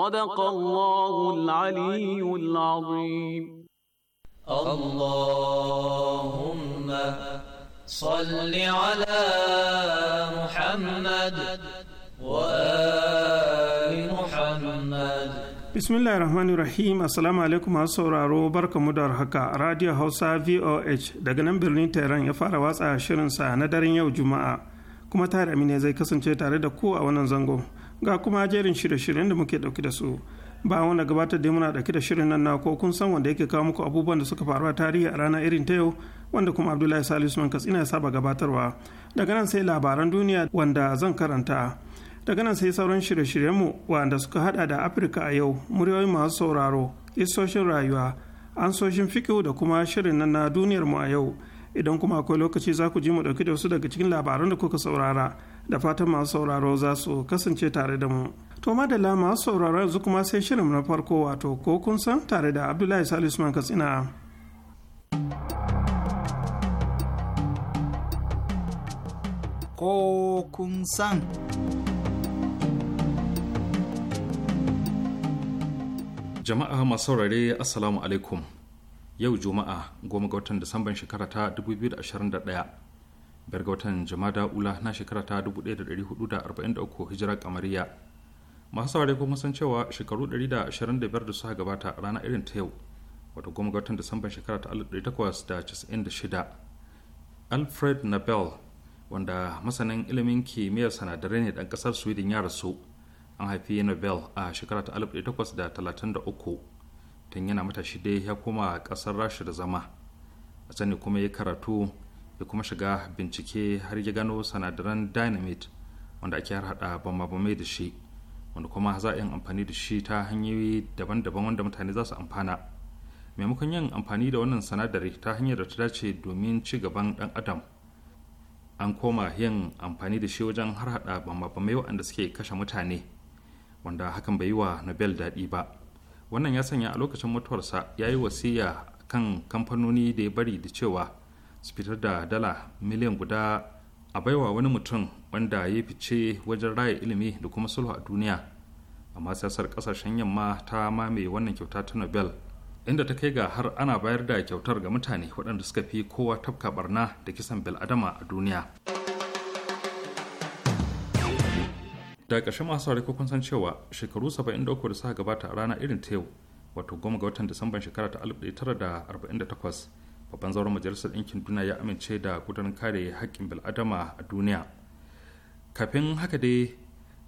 صدق الله العلي العظيم اللهم صل على محمد وآل محمد bismillahir rahmanir rahim assalamu alaikum masu sauraro barkamu da haka radio hausa voh daga nan birnin tehran ya fara watsa shirinsa na daren yau juma'a kuma tare ne zai kasance tare da ku a wannan ga kuma jerin shirye-shiryen da muke dauke da su ba wanda gabatar da muna dauke da shirin nan na ko kun san wanda yake kawo muku abubuwan da suka faru a tarihi a rana irin ta yau wanda kuma abdullahi salisu man katsina ya saba gabatarwa daga nan sai labaran duniya wanda zan karanta daga nan sai sauran shirye-shiryenmu wanda suka hada da afirka a yau muryoyin masu sauraro isoshin rayuwa an soshin fikihu da kuma shirin nan na duniyarmu a yau idan kuma akwai lokaci za ku ji mu dauki da wasu daga cikin labaran da kuka saurara da fatan masu sauraro za su kasance tare da mu to madalla masu sauraro yanzu kuma sai shirin na farko wato ko kun san tare da abdullahi salisu man katsina ko kun san jama'a masu saurare assalamu alaikum yau juma'a goma ga watan disamban shekara ta 2021 daga watan jama'a ula na shekara ta 1443 hijira kamariya masu saurari kuma san cewa shekaru 125 da suka gabata rana irin ta yau wata goma ga watan disamban shekara ta 1896 alfred nobel wanda masanin ilimin kimiyyar sanadarai ne dan kasar sweden ya rasu an haifi nobel a shekara ta 1833 tun yana matashi dai ya koma kasar rasha da zama a sani kuma ya karatu ya kuma shiga bincike har ya gano sanadaran dynamite wanda ake harhaɗa bambamai da shi wanda kuma za a yin amfani da shi ta hanyoyi daban-daban wanda mutane za su amfana maimakon yin amfani da wannan sanadari ta hanyar da ta dace domin ci gaban ɗan adam an koma yin amfani da shi wajen harhaɗa bambamai waɗanda suke kashe mutane wanda hakan bai yi wa nobel daɗi ba wannan ya sanya a lokacin mutuwarsa ya yi wasiya kan kamfanoni da ya bari da cewa su fitar da dala miliyan guda a baiwa wani mutum wanda ya fice wajen raya ilimi da kuma sulhu a duniya amma siyasar kasashen yamma ta mamaye wannan kyauta ta nobel inda ta kai ga har ana bayar da kyautar ga mutane waɗanda suka fi kowa tafka barna da kisan adama a duniya da ƙarshen masu sauri kun san cewa shekaru 73 da suka gabata a rana irin ta yau wato goma ga watan disamban shekara ta 1948 babban zauren majalisar ɗinkin duniya ya amince da gudanar kare haƙƙin bil'adama a duniya kafin haka dai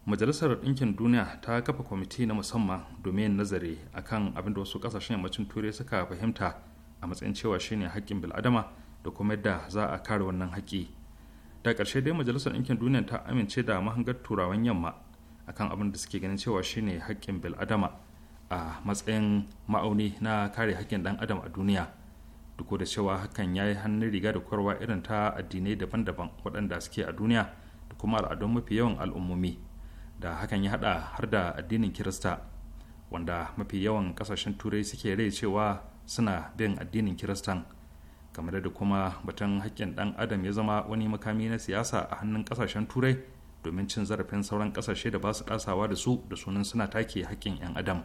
majalisar ɗinkin duniya ta kafa kwamiti na musamman domin nazari akan abin da wasu ƙasashen yammacin turai suka fahimta a matsayin cewa shine haƙƙin bil'adama da kuma yadda za a kare wannan haƙƙi da ƙarshe dai majalisar ɗinkin duniya ta amince da mahangar turawan yamma akan abin da suke ganin cewa shine haƙƙin bil'adama a matsayin ma'auni na kare haƙƙin ɗan adam a duniya duk da cewa hakan ya yi hannun riga da kwarwa irin ta addinai daban-daban waɗanda suke a duniya da kuma al'adun mafi yawan al'ummomi da hakan ya haɗa har da addinin kirista wanda mafi yawan ƙasashen turai suke rai cewa suna bin addinin kiristan kamar da kuma batun haƙƙin ɗan adam ya zama wani makami na siyasa a hannun ƙasashen turai domin cin zarafin sauran ƙasashe da ba su ɗasawa da su da sunan suna take haƙƙin 'yan adam.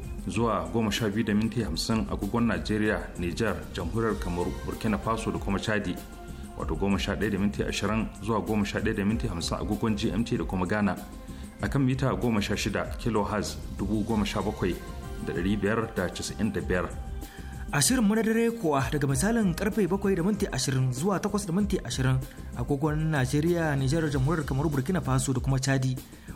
zuwa 12.50 agogon Najeriya, niger Jamhuriyar Kamar, Burkina Faso da kuma Chadi. Wato 11.20 zuwa 11.50 agogon GMT da kuma Ghana. A kan mita 16 kHz 17,595. Ashirin mu na dare kuwa daga misalin karfe 7 da minti 20 zuwa 8 da minti 20 agogon Najeriya, Nijar, Jamhuriyar Kamar, Burkina Faso da kuma Chadi.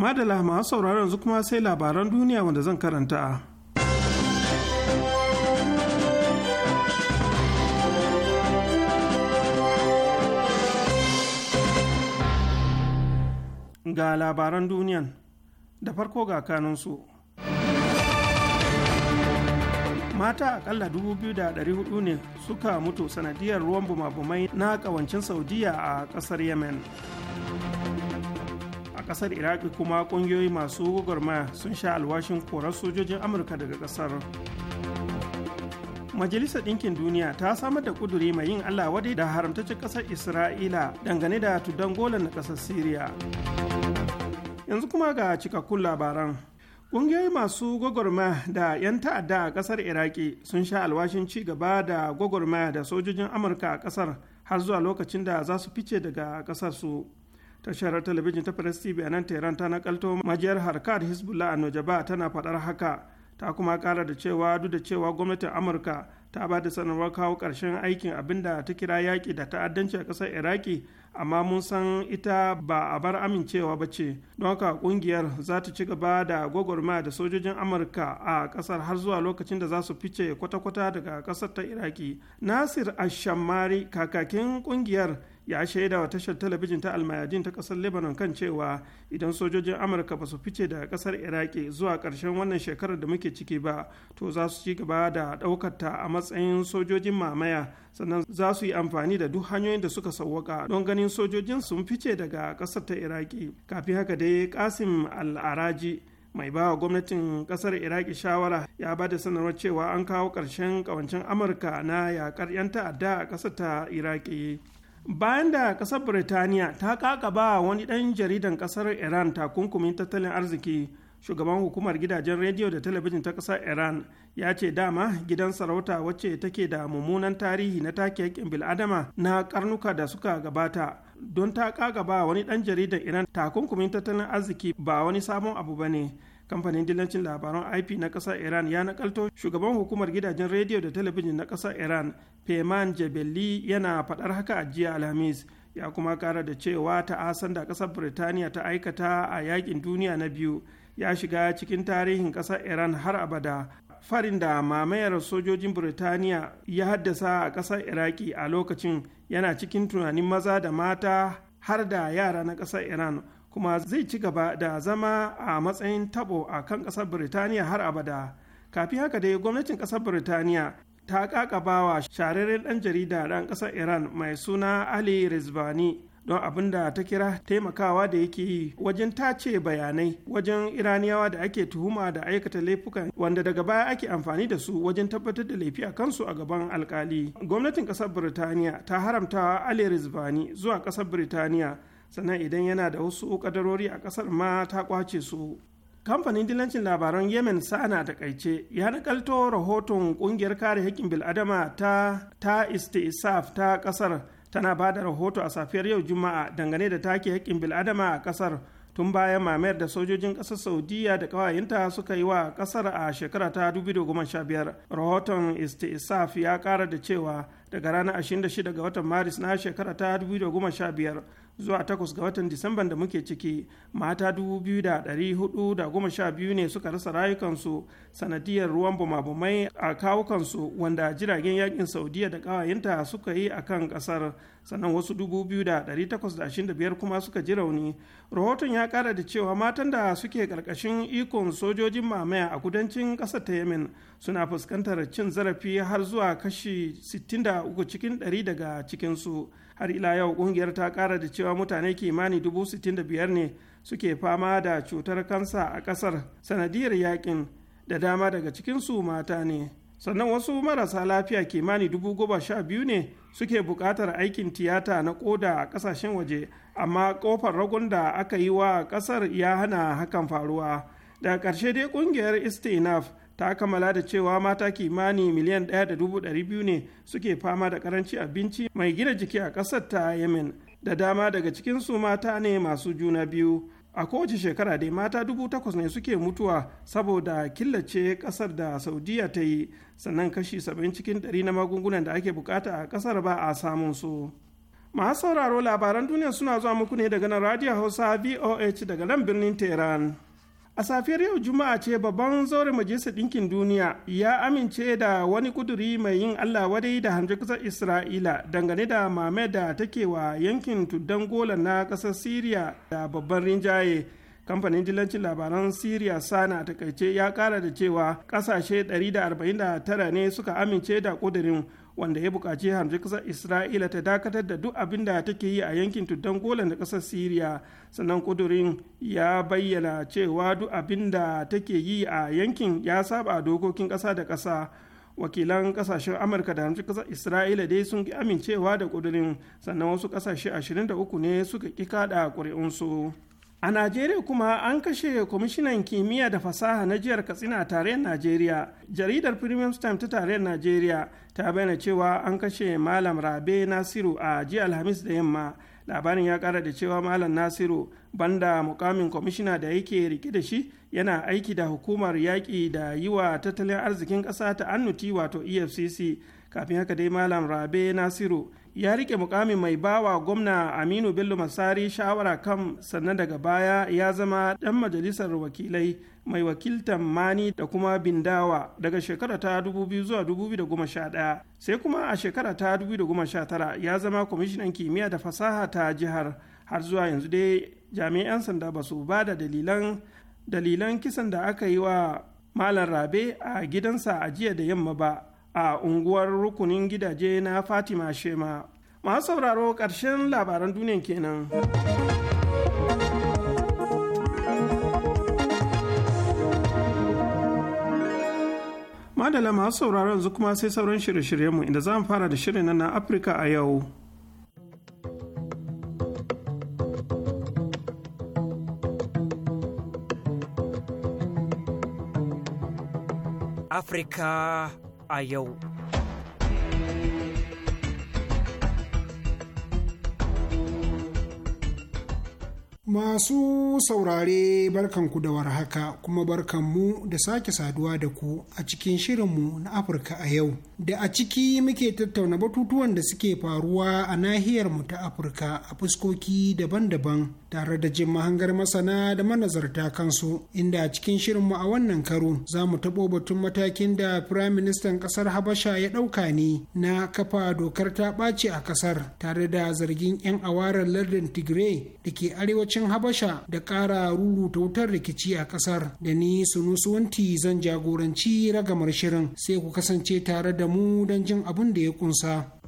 madala masu sauraron yanzu kuma sai labaran duniya wanda zan karanta ga labaran duniyan da farko ga kanunsu mata akalla 2,400 ne suka mutu sanadiyar ruwan bumabumai na kawancin saudiya a kasar yemen kasar iraki kuma kungiyoyi masu gwagwarmaya sun sha alwashin korar sojojin amurka daga kasar majalisar ɗinkin duniya ta samar da ƙuduri mai yin allah wadai da haramtaccen ƙasar isra'ila dangane da tudan gola na ƙasar syria yanzu kuma ga cikakkun labaran ƙungiyoyi masu gwagwarma da 'yan ta'adda a ƙasar iraki sun sha alwashin ci gaba da gwagwarma da sojojin amurka a ƙasar har zuwa lokacin da za su fice daga ƙasar su tashar talabijin ta press tv a nan tehran ta nakalto majiyar harkar hezbollah a nojaba tana faɗar haka ta kuma kara da cewa duk da cewa gwamnatin amurka ta ba da sanarwar kawo ƙarshen aikin abinda ta kira yaƙi da ta'addanci a ƙasar iraki amma mun san ita ba a bar amincewa ba ce don haka ƙungiyar za ta ci gaba da gwagwarma da sojojin amurka a ƙasar har zuwa lokacin da za su fice kwata-kwata daga ƙasar ta iraki nasir ashammari kakakin ƙungiyar ya shaida wa tashar talabijin ta almayadin ta kasar lebanon kan cewa idan sojojin amurka ba su fice daga kasar iraki zuwa ƙarshen wannan shekarar da muke ciki ba to za su ci gaba da ɗaukar ta a matsayin sojojin mamaya sannan za su yi amfani da duk hanyoyin da suka sauwaka don ganin sojojin sun fice daga ƙasar ta iraki kafin haka dai kasim al'araji mai bawa gwamnatin kasar iraki shawara ya ba da sanarwar cewa an kawo ƙarshen ƙawancen amurka na yaƙar 'yan ta'adda a ƙasar ta iraki bayan da kasar birtaniya ta kakaba wani ɗan jaridan kasar iran takunkumin tattalin arziki shugaban hukumar gidajen rediyo da talabijin ta kasar iran ya ce dama gidan sarauta wacce take da mummunan tarihi na take yakin bil'adama na karnuka da suka gabata don ta kakaba wani ɗan jaridan iran takunkumin tattalin arziki ba wani sabon abu ba ne kamfanin dillancin labaran ip na ƙasar iran ya nakalto shugaban hukumar gidajen rediyo da talabijin na ƙasar iran peyman jebeli yana faɗar haka a jiya alhamis ya kuma kara da cewa ta'asan da ƙasar birtaniya ta aikata a yakin duniya na biyu ya shiga cikin tarihin ƙasar iran har abada farin da mamayar sojojin birtaniya ya haddasa a ƙasar iraki a lokacin yana cikin tunanin maza da mata har da yara na ƙasar iran kuma zai ci gaba da zama a matsayin tabo a kan ƙasar birtaniya har abada kafin haka dai gwamnatin ƙasar birtaniya ta ƙaƙabawa shararren ɗan jarida ɗan ƙasar iran mai suna ali rizvani don abin da ta kira taimakawa da yake yi wajen tace bayanai wajen iraniyawa da ake tuhuma da aikata laifukan wanda daga baya ake amfani da su wajen tabbatar da laifi a kansu a gaban alkali gwamnatin ƙasar birtaniya ta haramtawa ali rizvani zuwa ƙasar birtaniya sannan idan yana da wasu kadarori a kasar ma ta kwace su kamfanin dilancin labaran yemen sa'ana takaice ya nakalto rahoton ƙungiyar kare haƙƙin bil'adama ta ta istisaf ta kasar tana ba da rahoto a safiyar yau juma'a dangane da take haƙƙin bil'adama a kasar tun bayan mamayar da sojojin ƙasar saudiya da ƙawayenta suka yi wa ƙasar a shekara ta 2015 rahoton istisaf ya ƙara da cewa daga ranar 26 ga watan maris na shekara ta 2015 zuwa takwas ga watan disamban da muke ciki mata dubu biyu da ɗari hudu da goma sha biyu ne suka rasa rayukansu sanadiyar ruwan bumabumai a kawukansu wanda jiragen yakin saudiya da ƙawayenta suka yi a kan ƙasar sannan wasu 2,825 kuma suka ji rauni rahoton ya kara da cewa matan da suke karkashin ikon sojojin mamaya a kudancin ƙasar ta yemen suna fuskantar cin zarafi har zuwa kashi 63 cikin 100 daga cikinsu har ila yau kungiyar ta kara da cewa mutane kimani 65,000 ne suke fama da cutar kansa a ƙasar sanadiyar yakin da dama daga cikinsu mata ne sannan wasu marasa lafiya kimani dubu goma sha biyu ne suke buƙatar aikin tiyata na ƙoda a ƙasashen waje amma ƙofar ragon da aka yi wa ƙasar ya hana hakan faruwa daga ƙarshe dai ƙungiyar istinaf ta kammala da cewa mata kimani miliyan 1.200 ne suke fama da ƙaranci abinci mai gina jiki a ƙasar ta yemen da dama daga cikinsu mata ne masu juna biyu a kowace shekara dai mata dubu takwas ne suke mutuwa saboda killace kasar da saudiya ta yi sannan kashi 70 cikin 100 na magungunan da ake bukata a kasar ba a samun su masu sauraro labaran duniya suna zuwa muku ne daga nan radio hausa voh daga nan birnin tehran a safiyar yau juma'a ce babban zauren majalisar ɗinkin duniya ya amince da wani kuduri mai yin allah wadai da hanjar kasar isra'ila dangane da mame da take wa yankin tuddan gola na ƙasar siriya da babban rinjaye kamfanin dillancin labaran syria sana takaice ya kara da cewa kasashe 149 ne suka amince da kudurin. wanda ya buƙaci hamji ƙasar isra'ila ta dakatar da duk abin da take yi a yankin tuddan golan da ƙasar siriya sannan kudurin ya bayyana cewa duk abin da take yi a yankin ya saba dokokin ƙasa da ƙasa wakilan ƙasashen amurka da hamji kasar isra'ila dai sun ki amincewa da kudurin sannan wasu kasashe uku ne suka ki kada ƙuri'unsu. a najeriya kuma an kashe kwamishinan kimiyya da fasaha na jihar katsina a tarayyar najeriya jaridar premium Stamp ta tarayyar najeriya ta bayyana cewa an kashe malam rabe nasiru a jiya alhamis da yamma labarin ya kara da cewa malam nasiru banda mukamin kwamishina da yake rike da shi yana aiki da hukumar yaƙi da yi wa tattalin arzikin ƙasa ta annuti wato efcc kafin haka dai malam rabe nasiru ya rike mukamin mai bawa gwamna aminu bello masari shawara kan sannan daga baya ya zama dan majalisar wakilai mai wakiltan mani da kuma bindawa daga shekara ta 2000 zuwa 2011 sai kuma a shekara ta 2019 ya zama kwamishinan kimiyya da fasaha ta jihar har zuwa yanzu dai jami'an sanda ba su ba da dalilan dalilan kisan da aka yi wa malam rabe a gidansa a jiya da yamma ba a unguwar rukunin gidaje na fatima shema masu sauraro ƙarshen labaran duniya kenan. madala masu sauraron yanzu kuma sai sauran shirye-shiryenmu inda za mu fara da shirin na afirka a yau afirka a yau. Masu saurare barkanku da warhaka kuma barkanmu da sake saduwa da ku a cikin shirinmu na Afirka a yau. Da a ciki muke tattauna batutuwan da suke faruwa a nahiyarmu ta Afirka a fuskoki daban-daban tare da jin mahangar masana da manazarta kansu inda a cikin shirinmu a wannan karo za mu taɓo batun matakin da firayim ministan ƙasar habasha ya ɗauka ne na kafa dokar ta ɓaci a ƙasar tare da zargin 'yan awarar lardin tigray da ke arewacin habasha da ƙara ruru ta wutar rikici a ƙasar da ni su nusuwanti zan jagoranci ragamar shirin sai ku kasance tare da mu don jin abin da ya ƙunsa.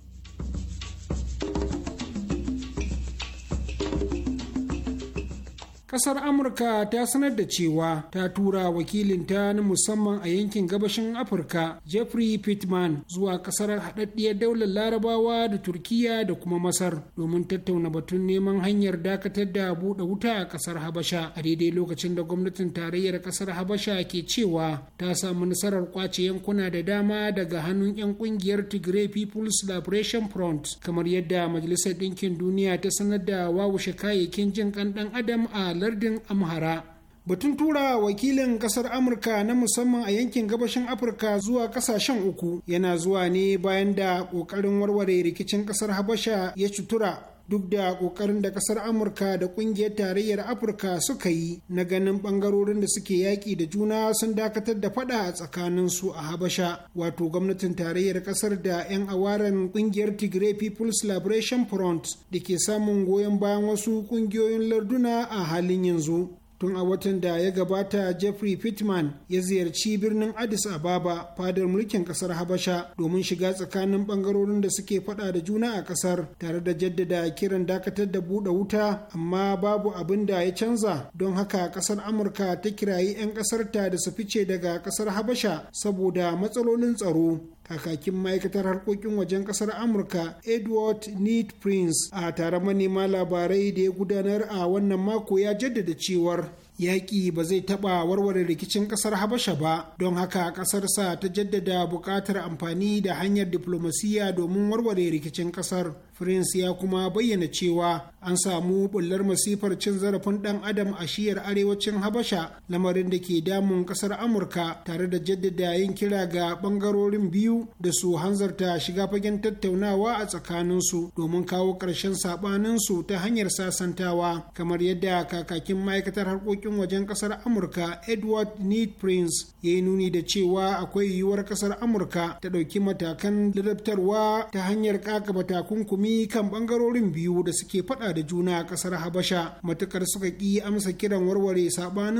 kasar amurka ta sanar da cewa ta tura wakilinta na musamman a yankin gabashin afirka jeffrey pittman zuwa kasar haɗaɗɗiyar daular larabawa da turkiya da kuma masar domin tattauna batun neman hanyar dakatar da buɗe wuta a kasar habasha a daidai lokacin da gwamnatin tarayyar kasar habasha ke cewa ta samu nasarar kwace yankuna da dama daga hannun 'yan kungiyar tigray people's liberation front kamar yadda majalisar ɗinkin duniya ta sanar da wawushe kayayyakin jin kan dan adam a lardin amhara batun tura wakilin kasar amurka na musamman a yankin gabashin afirka zuwa kasashen uku yana zuwa ne bayan da ƙoƙarin warware rikicin kasar habasha ya cutura duk da kokarin da kasar amurka da ƙungiyar tarayyar afirka suka yi na ganin ɓangarorin da suke yaƙi da juna sun dakatar da faɗa a tsakanin su a habasha wato gwamnatin tarayyar ƙasar da 'yan awaren ƙungiyar tigray people's liberation front da ke samun goyon bayan wasu ƙungiyoyin larduna a halin yanzu tun a watan da ya gabata jeffrey pittman ya ziyarci birnin addis ababa fadar mulkin kasar habasha domin shiga tsakanin bangarorin da suke fada da juna a kasar tare da jaddada kiran dakatar da buɗe wuta amma babu abin da ya canza don haka kasar amurka ta kirayi 'yan kasar ta da su fice daga kasar habasha saboda matsalolin tsaro kakakin ma'aikatar harkokin wajen kasar amurka edward neat prince a tare manema labarai da ya gudanar a wannan mako ya jaddada cewar yaƙi ba zai taɓa warware rikicin ƙasar habasha ba don haka ƙasarsa ta jaddada buƙatar amfani da hanyar diflomasiyya domin warware rikicin ƙasar Prince ya kuma bayyana cewa an samu bullar masifar cin zarafin ɗan adam a shiyar arewacin Habasha lamarin da ke damun ƙasar Amurka tare da jaddada yin kira ga ɓangarorin biyu da su hanzarta shiga fagen tattaunawa a tsakaninsu domin kawo ƙarshen saɓaninsu ta hanyar sasantawa kamar yadda kakakin ma'aikatar harkokin wajen ƙasar Amurka Edward Need Prince ya yi nuni da cewa akwai yiwuwar ƙasar Amurka ta ɗauki matakan ladabtarwa ta hanyar ƙakaba takunkumi takunkumi kan bangarorin biyu da suke fada da juna a kasar habasha matukar suka ki amsa kiran warware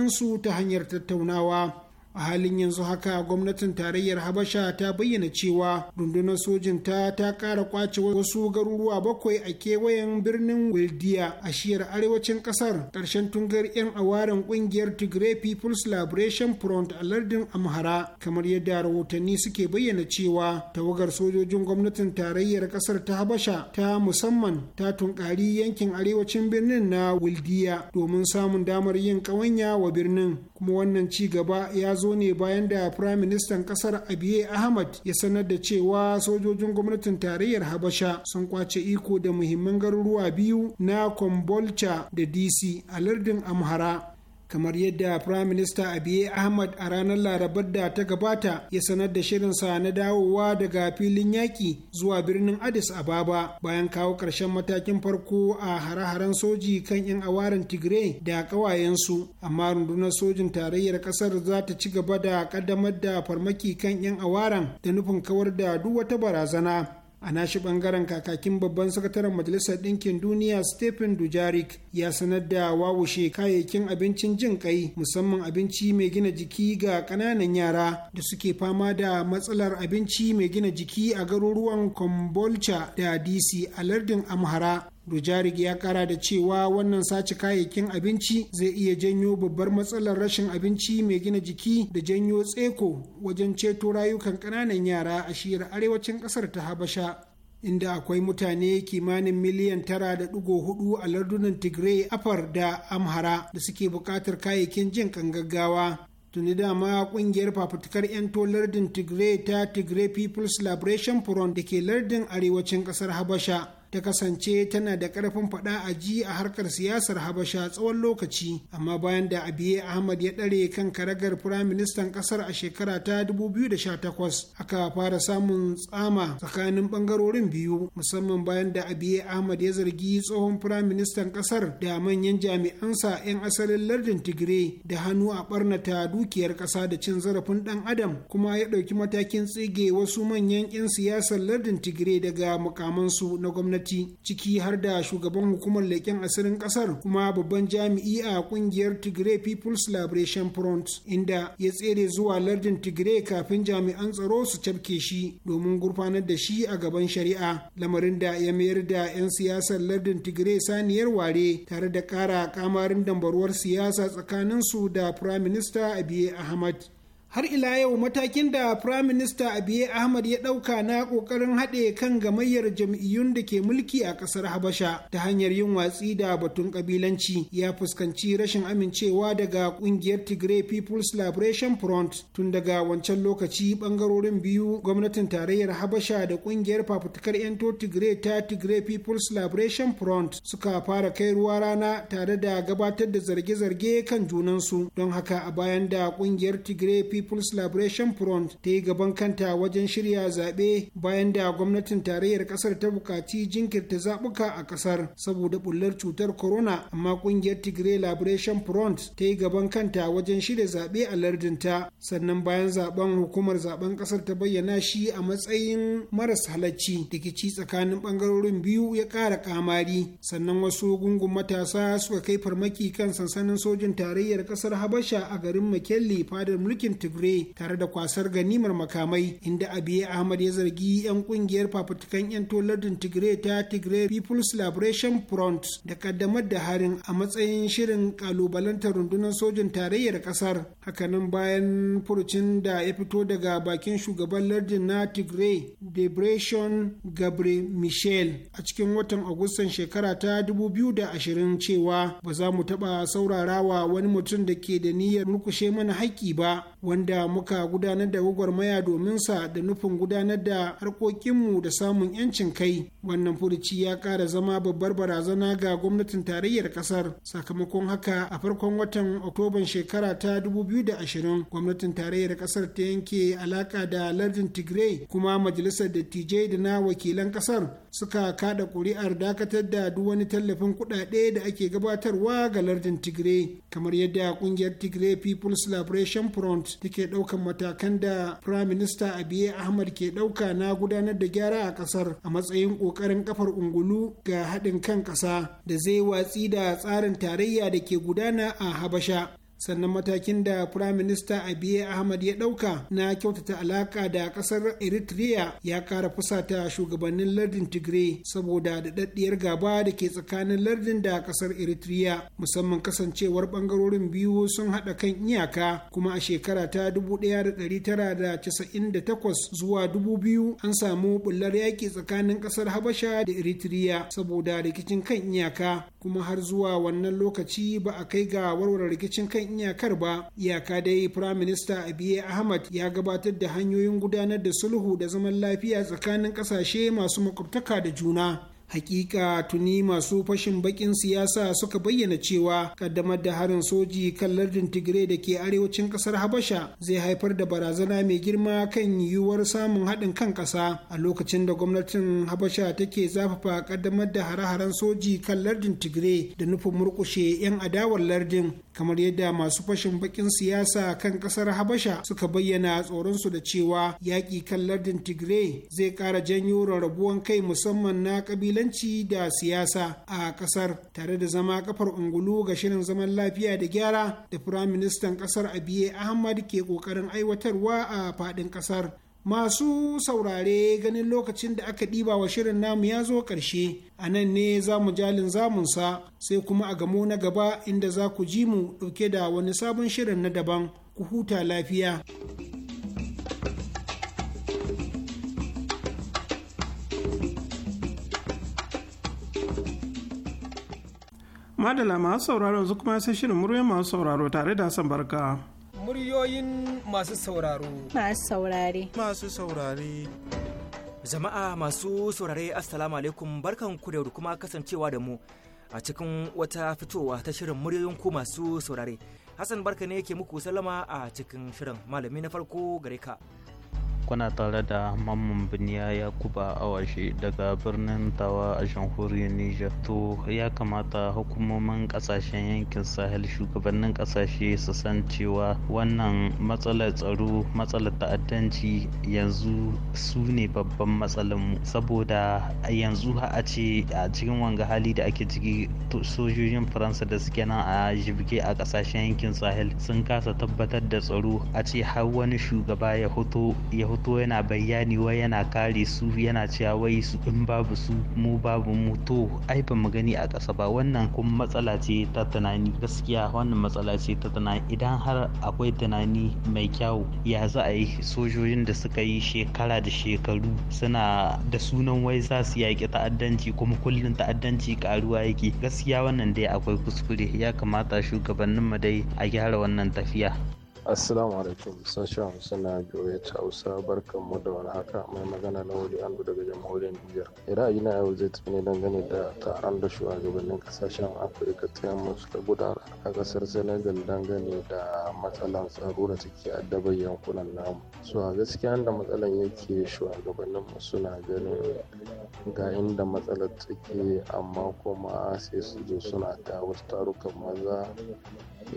su ta hanyar tattaunawa a halin yanzu haka gwamnatin tarayyar habasha ta bayyana cewa rundunar sojin ta ta kara kwace wasu garuruwa bakwai a kewayen birnin wildiya a shiyar arewacin kasar ƙarshen tungar 'yan awarin ƙungiyar tigray people's liberation front a lardin amhara kamar yadda rahotanni suke bayyana cewa tawagar sojojin gwamnatin tarayyar kasar ta habasha ta musamman ta tunkari yankin arewacin birnin na wildiya domin samun damar yin ƙawanya wa birnin kuma wannan ci gaba ya zo ne bayan da firayim ministan kasar abiye ahmad ya sanar da cewa sojojin gwamnatin tarayyar habasha sun kwace iko da muhimman garuruwa biyu na kombolcha da dc a lardin amhara kamar yadda Prime Minister Abiy Ahmad a ranar Larabar da ta gabata ya sanar da shirinsa na dawowa daga filin yaƙi zuwa birnin Addis Ababa bayan kawo ƙarshen matakin farko a hare-haren soji kan 'yan awarin Tigray da ƙawayensu, amma rundunar sojin tarayyar ƙasar za ta ci gaba da ƙaddamar da farmaki kan 'yan awaran da nufin kawar da duk wata barazana. a nashi bangaren kakakin babban sakataren majalisar ɗinkin duniya stephen dujarik ya sanar da wawushe kayayyakin abincin jin kai musamman abinci mai gina jiki ga ƙananan yara da suke fama da matsalar abinci mai gina jiki a garuruwan kombolcha da dc a lardin amhara Dujarik ya kara da cewa wannan sace kayayyakin abinci zai iya janyo babbar matsalar rashin abinci mai gina jiki da janyo tseko wajen ceto rayukan ƙananan yara a shiyar arewacin ƙasar ta Habasha. inda akwai mutane kimanin miliyan tara da ɗigo hudu a lardunan tigray afar da amhara da suke buƙatar kayayyakin jin kan gaggawa tuni dama kungiyar fafutukar 'yan lardin tigray ta tigray people's liberation front da ke lardin arewacin ƙasar habasha ta kasance tana da ƙarfin faɗa a ji a harkar siyasar habasha tsawon lokaci amma bayan da abiye ahmad ya ɗare kan karagar firaministan ƙasar a shekara ta 2018 aka fara samun tsama tsakanin ɓangarorin biyu musamman bayan da abiye ahmad ya zargi tsohon firaministan ƙasar da manyan jami'ansa 'yan asalin lardin tigray da hannu a ɓarnata dukiyar ƙasa da cin zarafin ɗan adam kuma ya ɗauki matakin tsige wasu manyan 'yan siyasar lardin tigray daga mukamansu na gwamnati gwamnati ciki har da shugaban hukumar leken asirin ƙasar kuma babban jami'i a kungiyar Tigray People's Liberation Front inda ya tsere zuwa lardin Tigray kafin jami'an tsaro su cafke shi domin gurfanar da shi a gaban shari'a lamarin da ya mayar da 'yan siyasar lardin Tigray saniyar ware tare da kara kamarin dambaruwar siyasa tsakanin su da Prime Minister Abiy Ahmad. har ila yau matakin da prime minister abiye ahmad ya ɗauka na ƙoƙarin haɗe kan gamayyar jam'iyyun da ke mulki a ƙasar habasha ta hanyar yin watsi da batun ƙabilanci ya fuskanci rashin amincewa daga ƙungiyar tigray people's liberation front tun daga wancan lokaci bangarorin biyu gwamnatin tarayyar habasha da ƙungiyar fafutukar 'yanto tigray ta tigray people's liberation front suka fara kai ruwa rana tare da gabatar da zarge-zarge kan junansu don haka a bayan da ƙungiyar tigray people's liberation front ta yi gaban kanta wajen shirya zaɓe bayan da gwamnatin tarayyar ƙasar ta buƙaci jinkirta zaɓuka a ƙasar saboda ɓullar cutar corona amma ƙungiyar tigray liberation front ta yi gaban kanta wajen shirya zaɓe a lardinta sannan bayan zaɓen hukumar zaɓen ƙasar ta bayyana shi a matsayin maras halacci rikici tsakanin ɓangarorin biyu ya ƙara ƙamari sannan wasu gungun matasa suka kai farmaki kan sansanin sojin tarayyar ƙasar habasha a garin makelli fadar mulkin tigray Tigray tare da kwasar ganimar makamai inda Abiy Ahmad ya zargi 'yan kungiyar fafutukan 'yan tolardin Tigray ta tigre People's Liberation Front da kaddamar da harin a matsayin shirin kalubalantar rundunar sojin tarayyar kasar. Hakanan bayan furucin da ya fito daga bakin shugaban lardin na Tigray Debration Gabriel Michel a cikin watan Agustan shekara ta 2020 cewa ba za mu taɓa saurarawa wani mutum da ke da niyyar murkushe mana haƙƙi ba wanda muka gudanar da gwagwarmaya domin sa da nufin gudanar da harkokinmu da samun 'yancin kai wannan furuci ya kara zama babbar barazana ga gwamnatin tarayyar kasar, sakamakon haka a farkon watan oktoban shekara ta 2020 gwamnatin tarayyar kasar ta yanke alaƙa da lardin tigray kuma majalisar dattijai da na wakilan kasar suka kada ƙuri'ar dakatar da duk wani tallafin kuɗaɗe da ake gabatarwa ga lardin tigray kamar yadda ƙungiyar tigray people's liberation front take daukan ɗaukan matakan da Prime Minister Abiy Ahmad ke ɗauka na gudanar da gyara a ƙasar a matsayin ƙoƙarin kafar ungulu ga haɗin kan ƙasa da zai watsi da tsarin tarayya da ke gudana a Habasha. sannan matakin da Prime Minister Abiy Ahmad ya dauka na kyautata alaka da kasar Eritrea ya kara fusata shugabannin lardin Tigray saboda daɗaɗɗiyar gaba da ke tsakanin lardin da ƙasar Eritrea musamman kasancewar ɓangarorin biyu sun haɗa kan iyaka kuma a shekara ta 1998 zuwa 2000 an samu bullar yaƙi tsakanin ƙasar Habasha da Eritrea saboda rikicin kan iyaka kuma har zuwa wannan lokaci ba a kai ga warware rikicin kan iyakar ba iyaka dai prime minister abiy ahmad ya gabatar da hanyoyin gudanar da sulhu da zaman lafiya tsakanin kasashe masu makwabtaka da juna hakika tuni masu fashin bakin siyasa suka bayyana cewa kaddamar da harin soji kan lardin tigray da ke arewacin kasar habasha zai haifar da barazana mai girma kan yiwuwar samun haɗin kan ƙasa a lokacin da gwamnatin habasha take zafafa kaddamar da hare-haren soji kan lardin tigray da nufin murkushe 'yan adawar lardin kamar yadda masu fashin bakin siyasa kan kasar habasha suka bayyana tsoronsu da cewa yaƙi kan lardin tigray zai ƙara janyo rarrabuwan kai musamman na ƙabilan ta'addanci da siyasa a kasar tare da zama kafar ungulu ga shirin zaman lafiya da gyara da firaministan kasar abiye ahmad ke kokarin aiwatarwa a fadin kasar masu saurare ganin lokacin da aka ɗiba wa shirin namu ya zo ƙarshe a nan ne za mu jalin zamunsa sai kuma a gamo na gaba inda za ku ji mu ɗauke da wani sabon shirin na daban ku huta lafiya. madala masu sauraro yanzu kuma sai shirin muryoyin masu sauraro tare da san barka muryoyin masu sauraro masu saurare masu saurare jama'a masu saurare assalamu alaikum barkan ku da kuma kasancewa da mu a cikin wata fitowa ta shirin muryoyin ku masu saurare hassan barka ne ke muku salama a cikin shirin malami na farko gare ka kuna tare da mamman biniya yakuba awashe daga birnin tawa a jamhuriyar niger to ya kamata hukumomin kasashen yankin sahel shugabannin kasashe su san cewa wannan matsalar tsaro matsalar ta'addanci yanzu su ne babban matsalar saboda yanzu a ce a cikin wanga hali da ake ciki sojojin faransa da suke nan a jibge a kasashen yankin sahel sun kasa tabbatar da tsaro a ce har wani shugaba ya hoto ya fito yana bayani wai yana kare su yana cewa wai su in babu su mu babu mu to ai ba gani a ƙasa ba wannan kuma matsala ce ta tunani gaskiya wannan matsala ce ta tunani idan har akwai tunani mai kyau ya za a yi sojojin da suka yi shekara da shekaru suna da sunan wai za su yaƙi ta'addanci kuma kullum ta'addanci karuwa yake gaskiya wannan dai akwai kuskure ya kamata mu dai a gyara wannan tafiya Assalamu alaikum sashen Hausa na biyu ta Hausa barkan mu da haka mai magana na wuri Andu daga jamhuriyar Nijar. yi na yau zai tafi ne dangane da taron da shugabannin kasashen Afirka ta yamma suka gudanar a kasar Senegal dangane da matsalan tsaro da take addabar yankunan namu. su a gaskiya da matsalan yake shugabannin mu suna ganin ga inda matsalar take amma kuma sai su zo suna ta wasu tarukan maza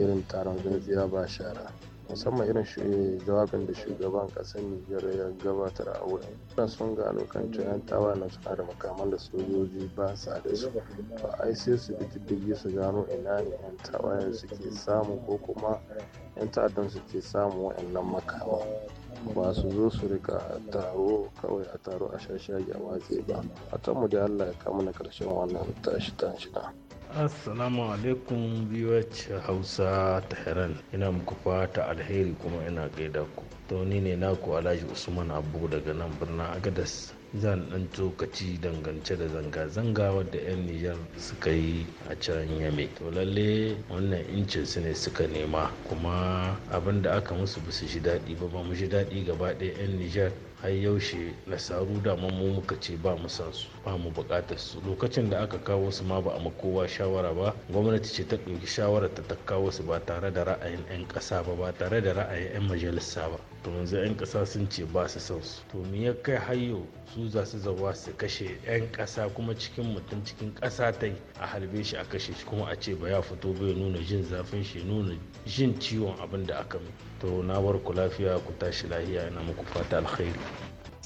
irin taron tsintsiya ba shara musamman irin eh, jawabin da shugaban kasar nijar ya gabatar a wurin na sun gano kan yan tawa na suna da makaman da sojoji ba sa da su to ai sai su bi diddigi su gano ina ne yan tawayen suke samu ko kuma yan ta'addan suke samu wa'annan makaman ba su zo su rika taro kawai a taro a shashagi a ba a mu da allah ya kama na karshen wannan tashi tashi na Assalamu alaikum VOH Hausa Tehran ina muku fata alheri kuma ina gaida ku. To ni ne naku Alhaji Usman Abu daga nan birnin Agadas. Zan ɗan tsokaci dangance da zanga-zanga wadda 'yan Nijar suka yi a can Yame. To lalle wannan incin su ne suka nema kuma abin da aka musu ba su ji daɗi ba ba mu ji daɗi gaba ɗaya 'yan Nijar har yaushe nasaru da mu muka ce ba mu san su. ba mu bukatar su lokacin da aka kawo su ma ba a kowa shawara ba gwamnati ce ta ɗauki shawarar ta ta kawo su ba tare da ra'ayin 'yan ƙasa ba ba tare da ra'ayin 'yan majalisa ba to yanzu 'yan ƙasa sun ce ba su son su to me ya kai hayo su za su zawa su kashe 'yan ƙasa kuma cikin mutum cikin ƙasa ta yi a halbe shi a kashe shi kuma a ce ba ya fito bai nuna jin zafin shi nuna jin ciwon abin da aka mai to na bar ku lafiya ku tashi lahiya ina muku fata alkhairi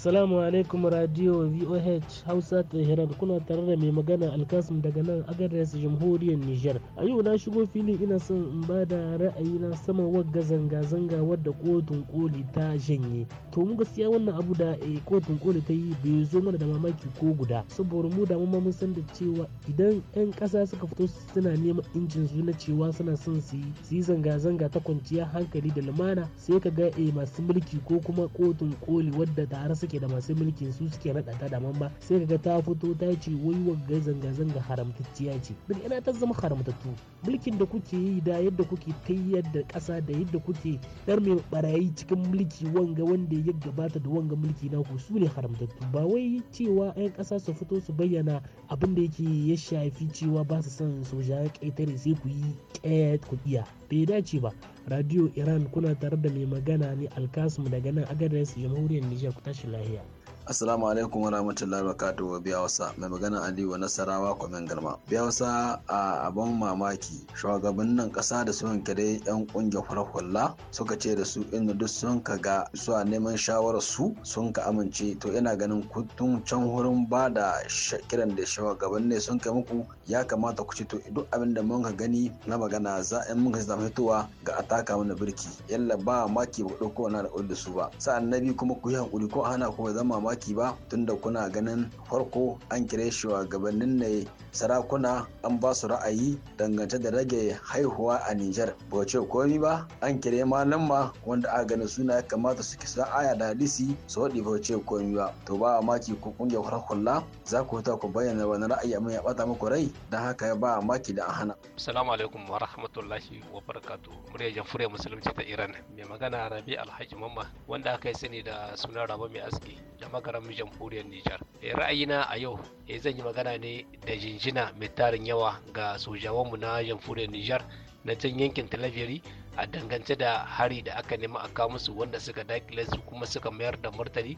Salamu alaikum radio VOH Hausa Tehran kuna tare da mai magana Alkasim daga nan Agadez Jamhuriyar Nijar. A yau na shigo filin ina son in ba da ra'ayi na sama wagga zanga-zanga wadda kotun koli ta janye. To mu gaskiya wannan abu da eh, kotun koli ta yi bai zo mana da mamaki ko guda. Saboda mu da mun san da cewa idan 'yan ƙasa suka fito suna neman injin su na cewa suna son su yi zanga-zanga ta kwanciya hankali da lumana sai ka ga eh, masu mulki ko kuma kotun koli wadda tare suke da masu mulki su suke raɗa ta da ba sai kaga ta fito ta ce wai wagga zanga-zanga haramtacciya ce duk ina ta zama haramtattu mulkin da kuke yi da yadda kuke ta yadda ƙasa da yadda kuke dar mai barayi cikin mulki wanga wanda ya gabata da wanga mulki na ku su ne haramtattu ba wai cewa 'yan ƙasa su fito su bayyana abin da yake ya shafi cewa ba su son soja ƙetare sai ku yi ƙet ku iya bai dace ba radio iran kuna tare da mai magana ne alkasmu daga nan agadez jamhuriyar nijar ku tashi lahiya Assalamu alaikum wa rahmatullahi wa wa wasa mai magana Aliyu Nasarawa kwamen garma Biya wasa a abin mamaki shugabannin kasa da sun da 'yan kungiyar farfalla suka ce da su inda duk sun ka ga su neman shawarar su sun ka amince to ina ganin tun can hurin ba da kiran da shugaban ne sun kai muku ya kamata ku ce to duk abin da mun ka gani na magana za a mun ka zama fitowa ga ataka mana birki yalla ba maki ba ku ɗauko na da su ba sa'an na kuma ku yi hakuri ko ana ku zama mamaki mamaki ba tunda kuna ganin farko an kire gabanin ne sarakuna an ba su ra'ayi dangance da rage haihuwa a Nijar. Ba ce komi ba an kire ma wanda a gani suna ya kamata su kisa aya da hadisi su haɗi ba ce komi ba. To ba maki ku kungiyar farar za ku ta ku bayyana wani ra'ayi mai ya bata muku rai don haka ba a maki da a hana. Assalamu alaikum wa rahmatullahi wa barakatu. Muryar fure Musulunci ta Iran. Mai magana Rabi Alhaji Mamma wanda aka yi sani da sunan Rabo Mai Aski. Da takarar jamhuriyar Nijar. Eh, ra'ayina a yau eh, zan yi magana ne da jinjina mai tarin yawa ga sojawanmu na jamhuriyar Nijar na can yankin talabiri a dangance da hari da aka nema a kawo musu wanda suka dakile su kuma suka mayar da martani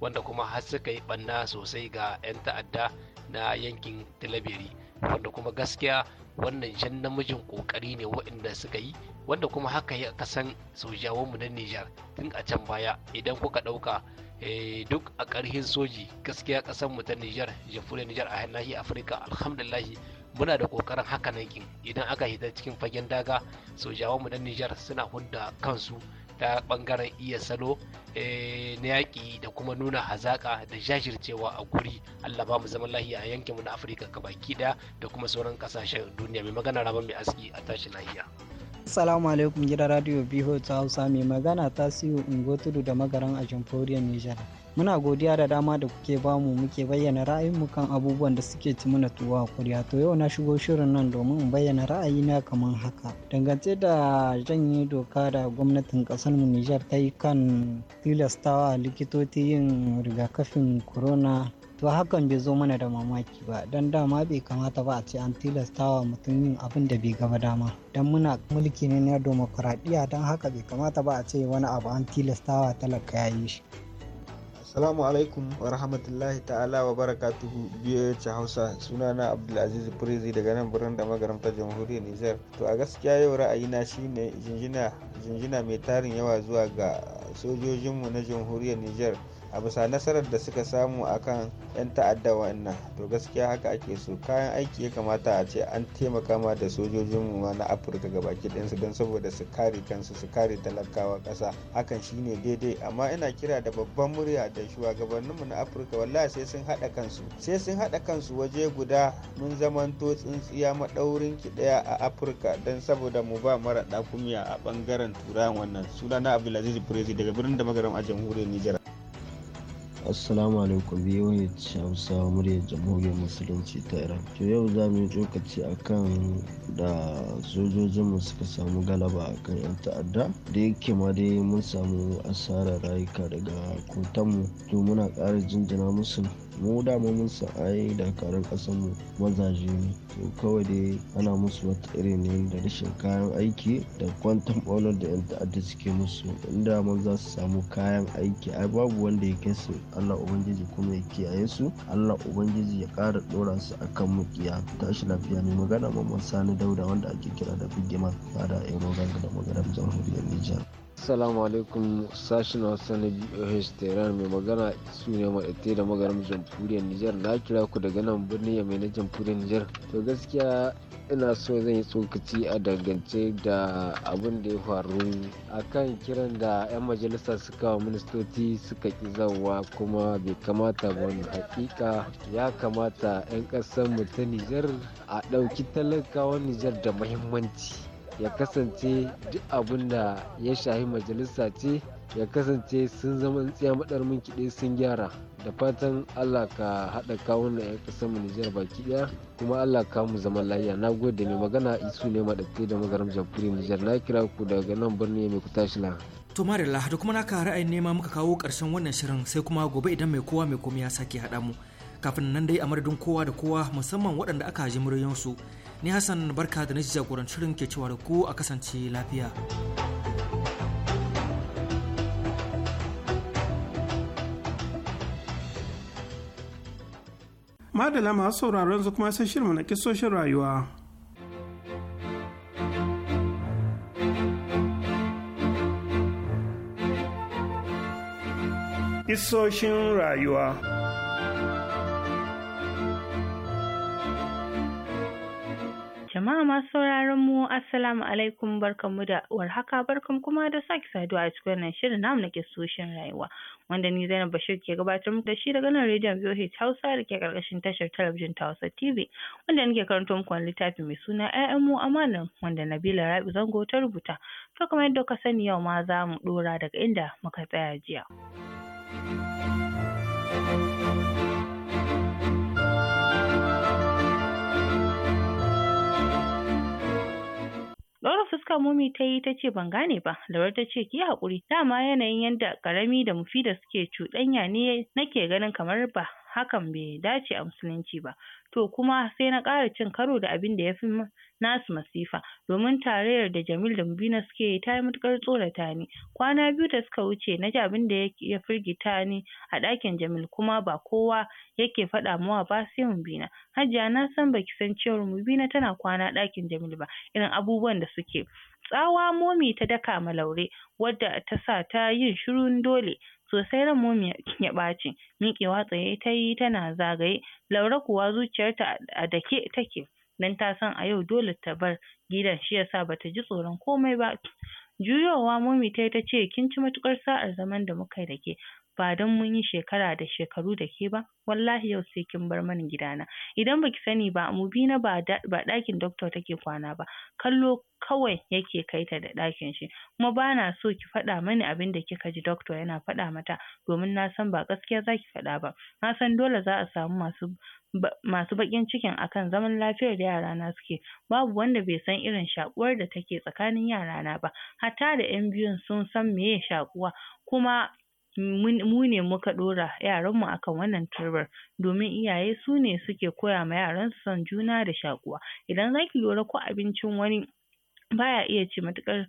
wanda kuma har suka yi banna sosai ga 'yan ta'adda na yankin talabiri wanda kuma gaskiya wannan jan namijin kokari ne waɗanda suka yi wanda kuma haka ya kasan sojawanmu na nijar tun a can baya idan kuka ɗauka Eh, duk a ƙarhin soji gaskiya ƙasar mu ta Nijar jamhuriyar Nijar a nahiyar Afirka alhamdulillahi muna da kokarin haka nan idan aka hita cikin fagen daga sojawan mu na Nijar suna hudda kansu ta bangaren iya salo eh, na yaƙi da kuma nuna hazaƙa da jajircewa a guri Allah ba mu zaman lahiya a mu na Afirka gabaki ɗaya da kuma sauran ƙasashen duniya mai magana rabon mai aski a tashi lahiya. Assalamu alaikum gidan radio ta Hausa mai magana ta siyo Ungo Tudu da magaran a Jamhuriyar Nijar. Muna godiya da dama da kuke bamu muke bayyana ra'ayin mu kan abubuwan da suke ci mana tuwa kuriya. To yau na shigo shirin nan domin in bayyana ra'ayina kamar haka. Dangance da janye doka da gwamnatin kasar mu Nijar ta yi kan tilastawa likitoci yin rigakafin corona to hakan bai zo mana da mamaki ba don dama bai kamata ba a ce an tilastawa mutum yin abin da bai gaba dama don muna mulki ne na demokuraɗiyya don haka bai kamata ba a ce wani abu an tilastawa talaka ya yi shi Assalamu alaikum wa rahmatullahi ta'ala wa barakatuhu biyu ce Hausa na Abdulaziz Prezi daga nan birnin da ta jamhuriyar Nijar. To a gaskiya yau ra'ayi na shine jinjina jinjina mai tarin yawa zuwa ga sojojinmu na jamhuriyar Nijar a bisa nasarar da suka samu a kan 'yan ta'adda wannan to gaskiya haka ake so kayan aiki ya kamata a ce an taimaka ma da sojojinmu mu na afirka gabaki su don saboda su kare kansu su kare talakawa ƙasa hakan shine daidai amma ina kira da babban murya da mu na afirka wallahi sai sun haɗa kansu sai sun haɗa kansu waje guda mun zamanto tsintsiya maɗaurin ki ɗaya a afirka don saboda mu ba mara ɗakumiya a ɓangaren turawan wannan sunana abdulaziz prezi daga birnin da magaram a jamhuriyar nijar assalamu alaikum biyu hausa muryar jamhuriyar musulunci ta iran to yau za mu yi tsokaci kan da sojojinmu suka samu galaba akan yan ta'adda da yake ma dai mun samu asarar rayuka daga kotanmu to muna ƙara jinjina musu mu dama mun san ai dakarun ƙasar mu mazaje ne to kawai dai ana musu wata irin ne da rashin kayan aiki da kwantan ɓaunar da yan ta'adda suke musu inda mun za su samu kayan aiki ai babu wanda ya kai su Allah ubangiji kuma ya kiyaye su Allah ubangiji ya ƙara dora su akan mukiya tashi lafiya ne magana mamman sani dauda wanda ake kira da bigima fada ero eh, ganga da maganar jamhuriyar Nijar. Assalamu alaikum sashen Hausa na BOH Tehran mai magana su ne maɗate da magarin jamhuriyar Nijar na kira ku daga nan birnin yamai na jamhuriyar Nijar. To gaskiya ina so zan yi tsokaci a dangance da abin da ya faru a kan kiran da 'yan majalisa suka wa ministoci suka ƙi zawa kuma bai kamata ba wani hakika ya kamata 'yan ƙasar mu ta Nijar a ɗauki talakawan Nijar da muhimmanci. ya kasance duk abin da ya shahi majalisa ce ya kasance sun zama tsaye madar mun kiɗe sun gyara da fatan allah ka haɗa kawun na 'yan mu nijar baki ɗaya kuma allah ka mu zama lafiya na gode mai magana isu ne ma da magaram jamhuriyar nijar na kira ku daga nan birni mai ku tashi la. to marilla da kuma naka ra'ayin nema muka kawo ƙarshen wannan shirin sai kuma gobe idan mai kowa mai komai ya sake haɗa mu kafin nan dai a madadin kowa da kowa musamman waɗanda aka ji muryansu ni hassan barka da na jagorancin ke cewa da ku a kasance lafiya madala masu sauraron su kuma san shirma na kisoshin rayuwa Isoshin rayuwa Jama'a masu sauraron mu Assalamu alaikum barkanmu da warhaka barkan kuma da sake saduwa a cikin wannan shirin namu na kisoshin rayuwa wanda ni Zainab Bashir ke gabatar muku da shi daga nan rediyon VOH Hausa da ke karkashin tashar talabijin ta Hausa TV wanda nake karanto muku wani littafi mai suna ƴaƴan mu amanar wanda Nabila Rabi Zango ta rubuta to kamar yadda ka sani yau ma za mu ɗora daga inda muka tsaya jiya. Laura fuska momi ta yi ta ce ban gane ba, Laura ta ce ki haƙuri, dama yanayin yadda ƙarami da mufida suke cuɗanya ne nake ganin kamar ba hakan bai dace a musulunci ba. To kuma sai na ƙara cin karo da abin da ya fi nasu masifa domin tarayyar da Jamil da Mubina suke yi ta yi matuƙar tsorata ni kwana biyu da suka wuce na ji abin da ya firgita ni a ɗakin Jamil kuma ba kowa yake faɗa mawa ba sai Mubina Hajiya na san baki san cewar Mubina tana kwana a ɗakin Jamil ba irin abubuwan da suke tsawa momi ta daka ma Laure wadda ta sa ta yin shirun dole sosai ran momi ya ɓaci miƙewa tsaye ta yi tana zagaye Laure kuwa zuciyarta a dake take don ta san a yau dole ta bar gidan shi yasa bata ji tsoron komai ba. Juyowa mummy tayi tace kin ci matuƙar sa'ar zaman da mukayi da ke ba don mun yi shekara da shekaru da ke ba wallahi yau sai kin bar mani gidana idan ba ki sani ba mu bi ba ba ɗakin doctor take kwana ba kallo kawai yake kai ta da ɗakin shi kuma bana so ki faɗa mani abin da kika ji doctor yana faɗa mata domin na san ba gaskiya za ki faɗa ba na san dole za a samu masu masu baƙin cikin akan zaman lafiyar da yarana suke babu wanda bai san irin shakuwar da take tsakanin yarana ba hatta da yan biyun sun san meye shakuwa kuma mu ne muka ɗora yaranmu akan wannan turbar domin iyaye su ne suke koya ma su son juna da shakuwa idan za ki lura ko abincin wani baya iya ci matuƙar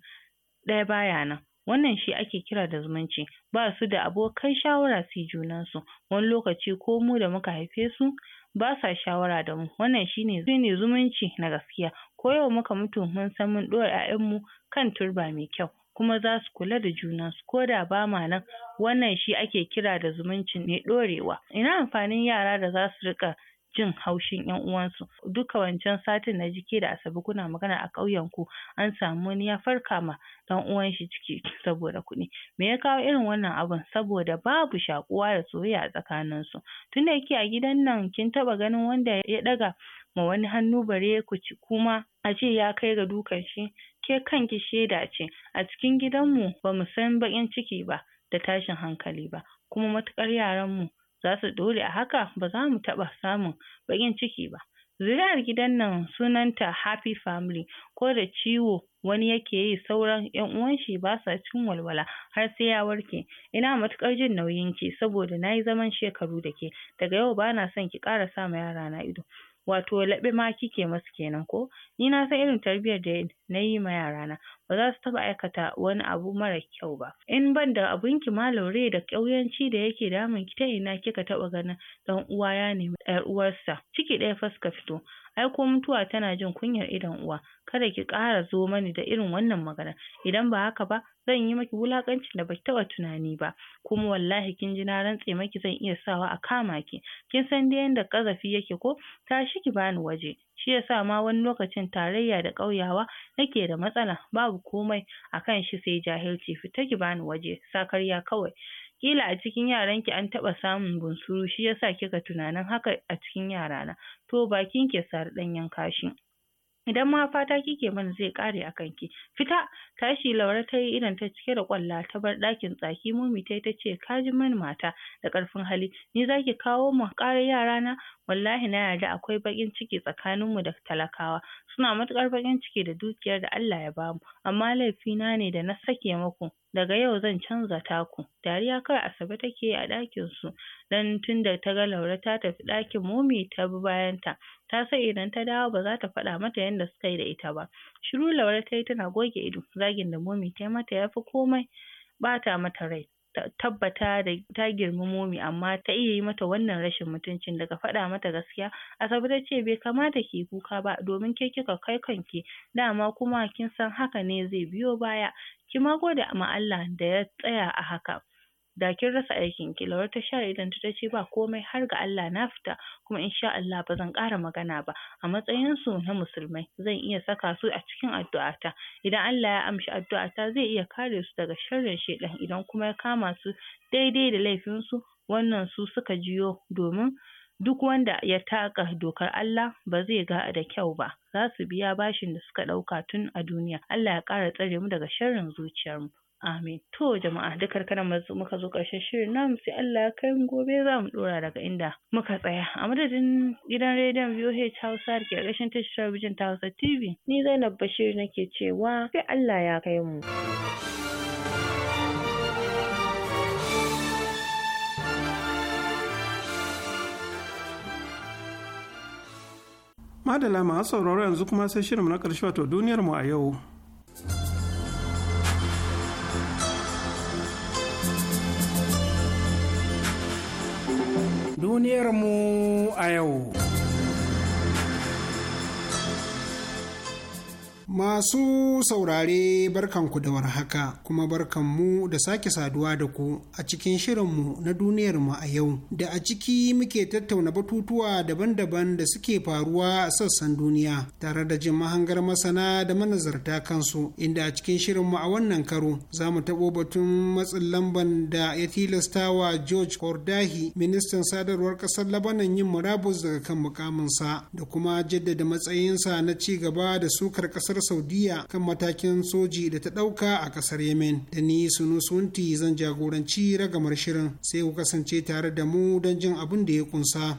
ɗaya baya nan wannan shi ake kira da zumunci ba su da abokan shawara su yi junansu wani lokaci ko mu da muka haife su ba sa shawara da mu wannan shi ne zumunci na gaskiya ko yau muka mutu mun san mun ɗora 'ya'yanmu kan turba mai kyau kuma za su kula da juna su? koda bama nan wannan shi ake kira da zumunci mai ɗorewa ina amfanin yara da za su riƙa jin haushin ƴan uwansu duka wancan satin na ke da Asabe kuna magana a ƙauyen ku an samu wani ya farka ma ɗan uwan shi ciki saboda kuɗi me ya kawo irin wannan abun saboda babu shakuwa da soyayya a tsakanin su tunda yake a gidan nan kin taɓa ganin wanda ya ɗaga ma wani hannu bare ku ci kuma ce ya kai ga dukan shi ke kanki shaida ce a cikin gidanmu bamu san baƙin ciki ba da tashin hankali ba kuma matuƙar yaranmu zasu dole a haka mu taɓa samun baƙin ciki ba zuri'ar gidan nan sunanta happy family ko da ciwo wani yake yi sauran 'yan uwan shi sa cikin walwala har sai ya warke ina matuƙar jin nauyin ki saboda nayi zaman shekaru da ke daga yau bana son ki ƙara sa ma yara na ido wato laɓe ma kike musu kenan ko ni na san irin tarbiyyar da nayi ma yarana ba za su taɓa aikata wani abu mara kyau ba in ban da abun ki da ƙauyanci da yake damun ki ta ina kika taɓa ganin ɗan uwa ya nemi ƴar uwarsa ciki ɗaya fa suka fito ai ko mutuwa tana jin kunyar idon uwa kada ki ƙara zo mani da irin wannan magana idan ba haka ba zan yi maki wulaƙancin da baki taɓa tunani ba kuma wallahi kin ji na rantse maki zan iya sawa a kama ki kin san dai yanda ƙazafi yake ko tashi ki bani waje shi yasa ma wani lokacin tarayya da ƙauyawa nake da matsala babu komai akan shi sai jahilci fita ki bani waje sakarya kawai kila a cikin yaran ki an taɓa samun bunsuru shi yasa kika tunanin haka a cikin yara na to bakin ki sari ɗanyen kashi idan ma fata kike mana zai ƙare a ki fita tashi laura ta yi idan ta cike da ƙwalla ta bar ɗakin tsaki mumi ta ta ce ka ji mani mata da ƙarfin hali ni za ki kawo mu ƙarar na wallahi na yarda akwai baƙin ciki tsakanin mu da talakawa suna matuƙar baƙin ciki da dukiyar da Allah ya bamu amma laifina ne da na sake muku daga yau zan canza taku dariya kawai Asabe take yi a ɗakin su dan tunda ta ga Laure ta tafi ɗakin momi ta bi bayan ta ta san idan ta dawo ba za ta faɗa mata yanda suka yi da ita ba shiru Laure ta yi tana goge ido zagin da momi ta mata ya fi komai ɓata mata rai tabbata da ta girmi momi amma ta iya yi mata wannan rashin mutuncin daga faɗa mata gaskiya Asabe ta ce bai kamata ki yi kuka ba domin ke kika kai kanki dama kuma kin san haka ne zai biyo baya ki ma gode ma Allah da ya tsaya a haka da kin rasa aikin ki Laure ta sha idan ta ce ba komai har ga Allah na fita kuma insha Allah ba zan ƙara magana ba a matsayin su na musulmai zan iya saka su a cikin addu'ata idan Allah ya amshi addu'ata zai iya kare su daga sharrin shedan idan kuma ya kama su daidai da laifin su wannan su suka jiyo domin duk wanda ya taka dokar Allah ba zai ga da kyau ba za su biya bashin da suka ɗauka tun a duniya Allah ya ƙara tsare mu daga sharrin mu. Amin. To jama'a dukkan mazu muka zo ƙarshen shirin namu sai Allah ya kai mu gobe za mu ɗora daga inda muka tsaya. A madadin gidan rediyon VOH Hausa da ke ƙarshen tashar talabijin ta Hausa TV. Ni Zainab Bashir nake cewa sai Allah ya kai mu. Madala masu sauraro yanzu kuma sai shirin na ƙarshe wato duniyar mu a yau. duniyarmu a yau. Masu saurare barkanku da warhaka kuma barkanmu da sake saduwa da ku a cikin shirinmu na duniyarmu a yau da a ciki muke tattauna batutuwa daban-daban da suke faruwa a sassan duniya tare da jin mahangar masana da manazarta kansu inda a cikin shirinmu a wannan karo za mu taɓo batun matsin lamban da ya tilasta wa George Kordahi ministan sadarwar ƙasar Labanan yin murabus daga kan mukaminsa da kuma jaddada matsayinsa na ci gaba da sukar ƙasar saudiya kan matakin soji da ta ɗauka a ƙasar yemen da ni sunu sunti zan jagoranci ragamar shirin sai ku kasance tare da mu don jin abin da ya kunsa.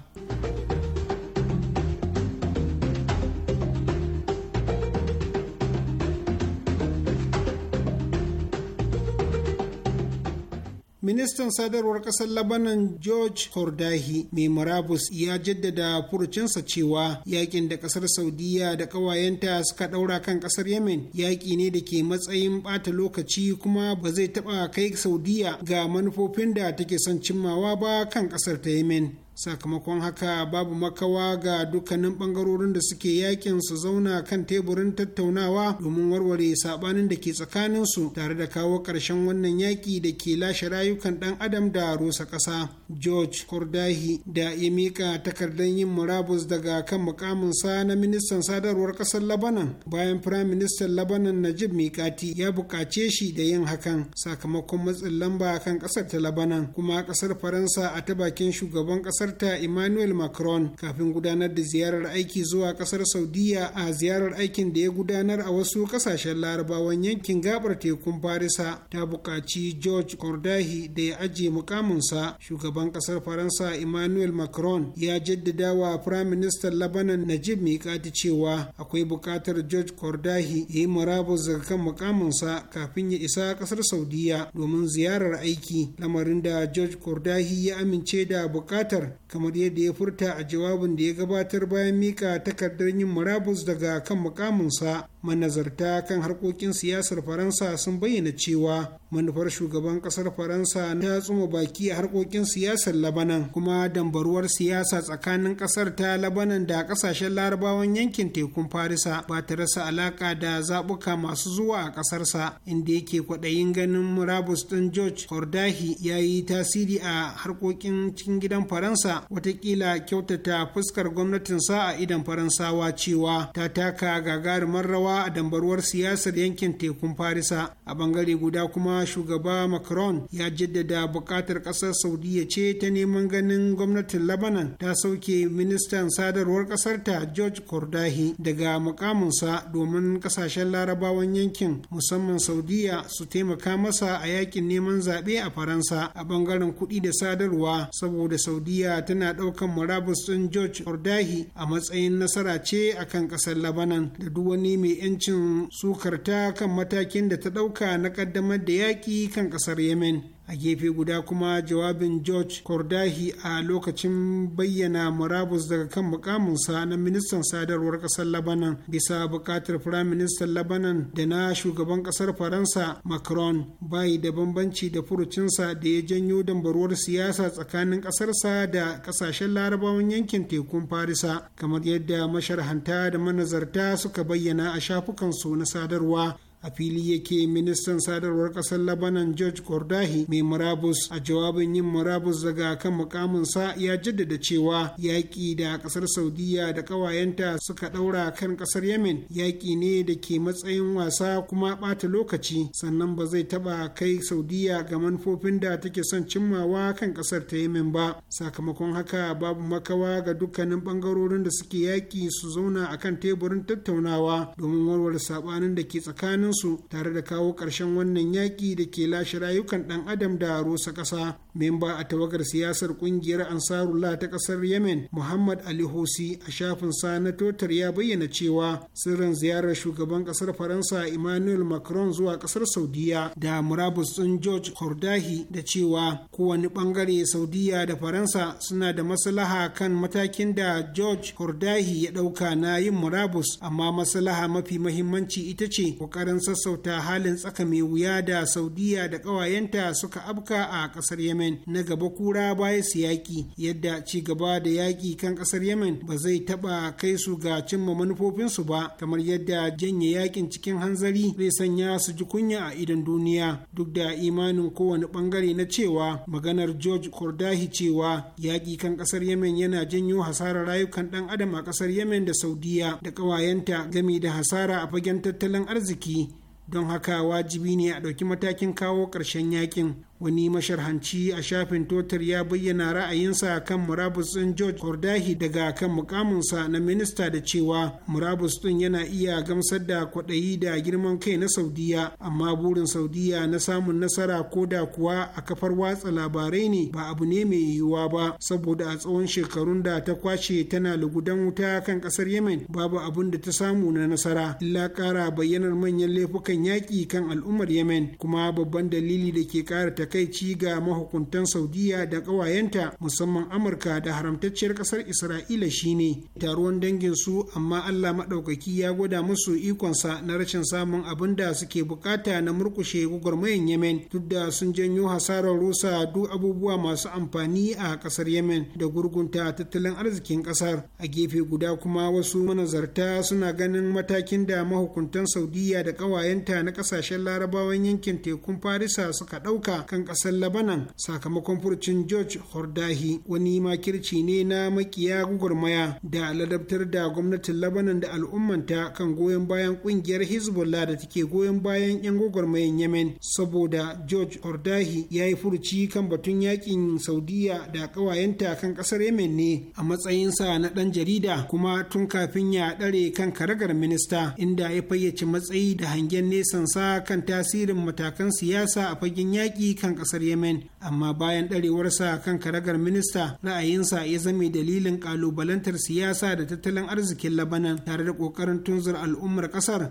ministan sadarwar ƙasar labanan george kordahi mai murabus ya jaddada furucinsa cewa yakin da ƙasar Saudiyya da kawayenta suka ɗaura kan ƙasar yemen yaƙi ne da ke matsayin bata lokaci kuma ba zai taɓa kai Saudiyya ga manufofin da take son cimmawa ba kan ƙasar ta yemen sakamakon haka babu makawa ga dukkanin bangarorin da suke yakin su zauna kan teburin tattaunawa domin warware sabanin da ke tsakanin su tare da kawo ƙarshen wannan yaki da ke lashe rayukan dan adam da rusa ƙasa george kordahi da ya mika takardar yin murabus daga kan mukaminsa na ministan sadarwar ƙasar labanan bayan firayim ministan labanan najib mikati ya buƙace shi da yin hakan sakamakon matsin lamba kan ƙasar ta labanan kuma ƙasar faransa a ta bakin shugaban ƙasar kasar ta Emmanuel Macron kafin gudanar da ziyarar aiki zuwa ƙasar Saudiya a ziyarar aikin da ya gudanar a wasu ƙasashen larabawan yankin gabar tekun Farisa ta buƙaci George Kordahi da ya ajiye mukaminsa shugaban ƙasar Faransa Emmanuel Macron ya jaddada wa Prime Minister Lebanon Najib Mikati cewa akwai buƙatar George Kordahi ya yi murabus daga kan mukaminsa kafin ya isa ƙasar Saudiya domin ziyarar aiki lamarin da George Kordahi ya amince da buƙatar kamar yadda ya furta a jawabin da ya gabatar bayan mika takardar yin murabus daga kan sa. manazarta kan harkokin siyasar faransa sun bayyana cewa manufar shugaban kasar faransa ta tsuma baki a harkokin siyasar labanan kuma dambaruwar siyasa tsakanin kasar ta labanan da kasashen larabawan yankin tekun farisa ba ta rasa alaka da zabuka masu zuwa a kasarsa inda yake kwaɗayin ganin murabus ɗin george kordahi ya yi tasiri a harkokin cikin gidan faransa watakila kyautata fuskar gwamnatinsa a idan faransawa cewa ta taka gagarumar rawa afkawa a dambarwar siyasar yankin tekun farisa a bangare guda kuma shugaba macron ya jaddada buƙatar ƙasar saudiya ce ta neman ganin gwamnatin lebanon ta sauke ministan sadarwar ƙasarta george kordahi daga mukaminsa domin ƙasashen larabawan yankin musamman saudiya su taimaka masa a yakin neman zaɓe a faransa a bangaren kuɗi da sadarwa saboda saudiya tana ɗaukan murabus din george kordahi a matsayin nasara ce akan ƙasar labanan da duk wani mai 'yancin sukar ta kan matakin da ta ɗauka na ƙaddamar da yaƙi kan ƙasar yemen a gefe guda kuma jawabin george kordahi a lokacin bayyana murabus daga kan mukaminsa na ministan sadarwar kasar labanan bisa bukatar firaministan labanan da na shugaban kasar faransa macron bai da bambanci da furucinsa da ya janyo dambaruwar siyasa tsakanin kasarsa da kasashen larabawan yankin tekun farisa kamar yadda masharhanta da manazarta suka bayyana a shafukansu na sadarwa a fili yake ministan sadarwar kasar labanan george kordahi mai murabus a jawabin yin murabus daga kan mukaminsa ya jaddada cewa yaƙi da kasar saudiya da ƙawayenta suka ɗaura kan kasar yemen yaƙi ne da ke matsayin wasa kuma ɓata lokaci sannan ba zai taɓa kai saudiya ga manufofin da take son cimmawa kan kasar ta yemen ba sakamakon haka babu makawa ga dukkanin ɓangarorin da suke yaƙi su zauna akan teburin tattaunawa domin warware saɓanin da ke tsakanin tsakaninsu tare da kawo ƙarshen wannan yaƙi da ke lashe rayukan ɗan adam da rusa ƙasa memba a tawagar siyasar ƙungiyar ansarullah ta ƙasar yemen muhammad ali hosi a shafin sa na totar ya bayyana cewa sirrin ziyarar shugaban ƙasar faransa emmanuel macron zuwa ƙasar saudiya da murabus ɗin george kordahi da cewa kowane ɓangare saudiya da faransa suna da maslaha kan matakin da george kordahi ya ɗauka na yin murabus amma maslaha mafi mahimmanci ita ce ƙoƙarin sassauta halin tsaka mai wuya da saudiya da ƙawayenta suka abka a ƙasar yemen na gaba kura baya su yaƙi yadda ci gaba da yaƙi kan ƙasar yemen ba zai taɓa kai su ga cimma manufofinsu ba kamar yadda janye yaƙin cikin hanzari zai sanya su ji kunya a idan duniya duk da imanin kowane ɓangare na cewa maganar george kordahi cewa yaƙi kan ƙasar yemen yana janyo hasarar rayukan ɗan adam a ƙasar yemen da saudiya da ƙawayenta game da hasara a fagen tattalin arziki don haka wajibi ne a ɗauki matakin kawo ƙarshen yakin wani masharhanci a shafin totar ya bayyana ra'ayinsa kan murabus ɗin george kordahi daga kan mukaminsa na minista da cewa murabus ɗin yana iya gamsar da kwaɗayi da girman kai na saudiya amma burin saudiya na samun nasara ko da kuwa a kafar watsa labarai ne ba abu ne mai yiwuwa ba saboda a tsawon shekarun da ta kwace tana lugudan wuta kan ƙasar yemen babu abin da ta samu na nasara illa ƙara bayyanar manyan laifukan yaƙi kan al'ummar yemen kuma babban dalili da ke ƙara takaici ga mahukuntan saudiya da kawayenta musamman amurka da haramtacciyar kasar isra'ila shine taruwan dangin su amma allah maɗaukaki ya gwada musu ikonsa na rashin samun abin da suke bukata na murkushe gwagwarmayan yemen duk da sun janyo hasarar rusa duk abubuwa masu amfani a kasar yemen da gurgunta tattalin arzikin kasar a gefe guda kuma wasu manazarta suna ganin matakin da mahukuntan saudiya da kawayenta na kasashen larabawan yankin tekun farisa suka ɗauka kan kan ƙasar labanan sakamakon furcin george hordahi wani makirci ne na makiya gwagwarmaya da ladabtar da gwamnatin labanan da al'ummanta kan goyon bayan ƙungiyar hezbollah da take goyon bayan 'yan gwagwarmayan yemen saboda george hordahi ya yi furci kan batun yakin saudiya da ƙawayenta kan ƙasar yemen ne a matsayinsa na ɗan jarida kuma tun kafin ya ɗare kan karagar minista inda ya fayyace matsayi da hangen nesansa kan tasirin matakan siyasa a fagen yaƙi kan kasar yemen amma bayan ɗarewarsa kan karagar minista ra'ayinsa ya zame dalilin ƙalubalantar siyasa da tattalin arzikin labanan tare da ƙoƙarin tunzur al'ummar ƙasar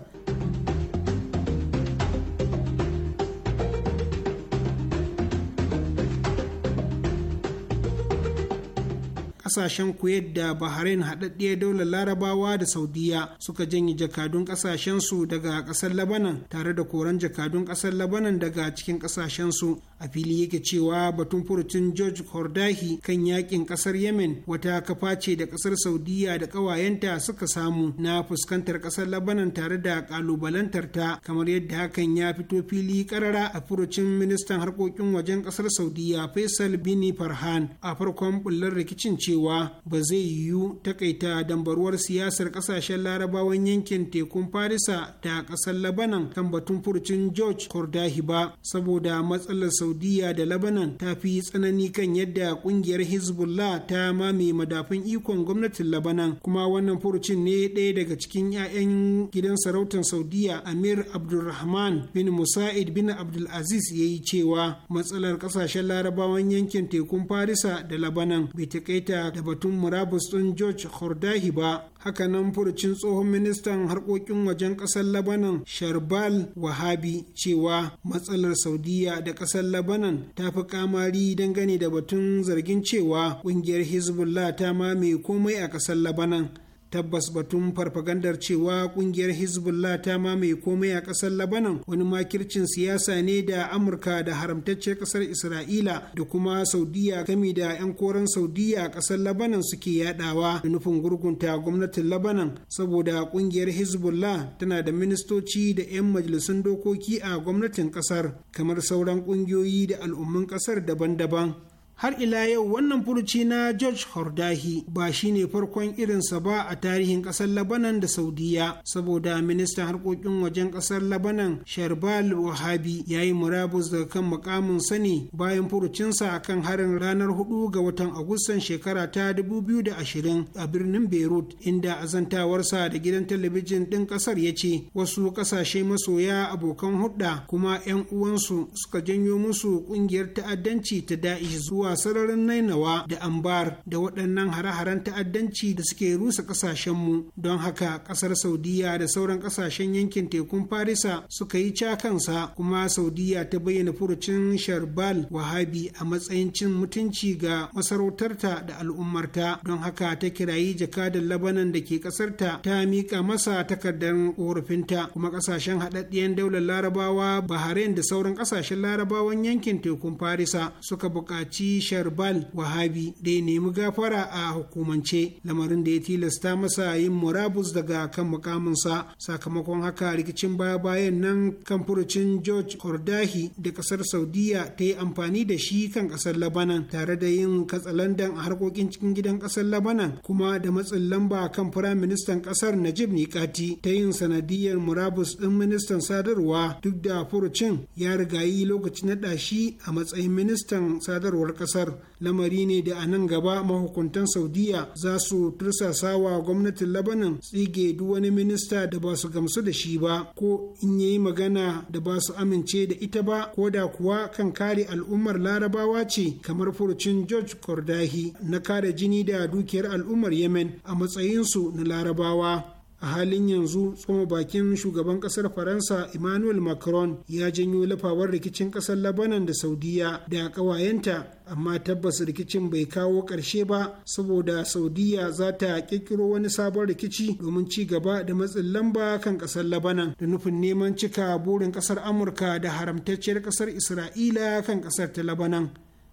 kasashen kuwait da bahrain haɗaɗɗiyar daular larabawa da saudiya suka janye jakadun kasashen su daga ƙasar labanan tare da koran jakadun ƙasar labanan daga cikin kasashen su a fili yake cewa batun furucin george kordahi kan yakin ƙasar yemen wata kafa ce da ƙasar saudiya da ƙawayenta suka samu na fuskantar ƙasar labanan tare da ƙalubalantar ta kamar yadda hakan ya fito fili ƙarara a furucin ministan harkokin wajen ƙasar saudiya faisal bini farhan a farkon bullar rikicin cewa cewa ba zai yiwu takaita dambaruwar siyasar kasashen larabawan yankin tekun farisa da kasar labanan kan batun furcin george kordahi ba saboda matsalar saudiya da labanan ta fi tsanani kan yadda kungiyar hezbollah ta mame madafin ikon gwamnatin labanan kuma wannan furcin ne ɗaya daga cikin 'ya'yan gidan sarautar saudiya amir abdulrahman bin musa'id bin abdulaziz ya yi cewa matsalar kasashen larabawan yankin tekun farisa da labanan bai takaita da batun murabus ɗin george hordahi ba hakanan furucin tsohon ministan harkokin wajen ƙasar labanan sharbal wahabi cewa matsalar saudiya da ƙasar labanan ta fi kamari dangane da batun zargin cewa ƙungiyar hezbollah ta mame komai a ƙasar labanan tabbas batun farfagandar cewa kungiyar hezbollah ta mamaye komai a kasar labanan wani makircin siyasa ne da amurka da haramtacciyar kasar isra'ila da kuma saudiya kami da 'yan koren saudiya a kasar labanan suke yadawa da nufin gurgunta gwamnatin labanan saboda kungiyar hezbollah tana da ministoci da 'yan majalisun dokoki a gwamnatin kasar kamar sauran kungiyoyi da al'ummin kasar daban-daban har ila yau wannan furuci na george hordahi ba shine farkon irinsa ba a tarihin kasar labanan da saudiya saboda ministan harkokin wajen kasar labanan sharbal wahabi ya yi murabus daga kan mukamin sani bayan furucinsa a kan harin ranar 4 ga watan agustan shekara ta 2020 a birnin beirut inda azantawarsa da gidan talabijin ɗin kasar ya ce wasu ƙasashe masoya abokan hudda kuma 'yan uwansu suka janyo musu ƙungiyar ta'addanci ta da'ish zuwa zuwa sararin nainawa da ambar da waɗannan hare-haren ta'addanci da suke rusa ƙasashenmu don haka ƙasar saudiya da sauran ƙasashen yankin tekun farisa suka yi cakansa kuma saudiya ta bayyana furucin sharbal wahabi a matsayin cin mutunci ga masarautarta da al'ummarta don haka ta kirayi jakadan labanan da ke ƙasarta ta miƙa masa takardar ƙorafinta kuma ƙasashen haɗaɗɗiyan daular larabawa bahrain da sauran ƙasashen larabawan yankin tekun farisa suka buƙaci shi sharbal wahabi da ya nemi gafara a hukumance lamarin da ya tilasta masa yin murabus daga kan mukaminsa sakamakon haka rikicin baya bayan nan kan furucin george kordahi da kasar saudiya ta yi amfani da shi kan kasar labanan tare da yin katsalandan a harkokin cikin gidan kasar labanan kuma da matsin lamba kan firaministan kasar najib nikati ta yin sanadiyar murabus ɗin ministan sadarwa duk da furucin ya rigayi lokacin na shi a matsayin ministan sadarwar kasar lamari ne da a nan gaba mahukuntan saudiya za su tursasa wa gwamnatin labanan tsige duk wani minista da ba su gamsu da shi ba ko in yi magana da ba su amince da ita ba ko da kuwa kan kare al'ummar larabawa ce kamar furcin george kordahi na kare jini da dukiyar al'ummar yemen a matsayinsu na larabawa a halin yanzu tsoma bakin shugaban kasar faransa emmanuel macron ya janyo lafawar rikicin kasar labanan da saudiya da kawayenta amma tabbas rikicin bai kawo ƙarshe ba saboda saudiya za ta ƙirƙiro wani sabon rikici domin ci gaba da matsin lamba kan ƙasar labanan da nufin neman cika burin ƙasar amurka da haramtacciyar ƙasar isra'ila kan ƙasar ta labanan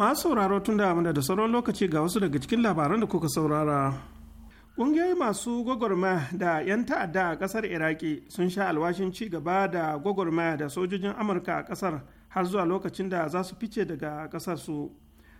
masu sauraro tun da da sauran lokaci ga wasu daga cikin labaran da kuka saurara ƙungiyoyi masu gwagwarmaya da 'yan ta'adda a ƙasar iraki sun sha alwashin ci gaba da gwagwarmaya da sojojin amurka a ƙasar har zuwa lokacin da za su fice daga ƙasar su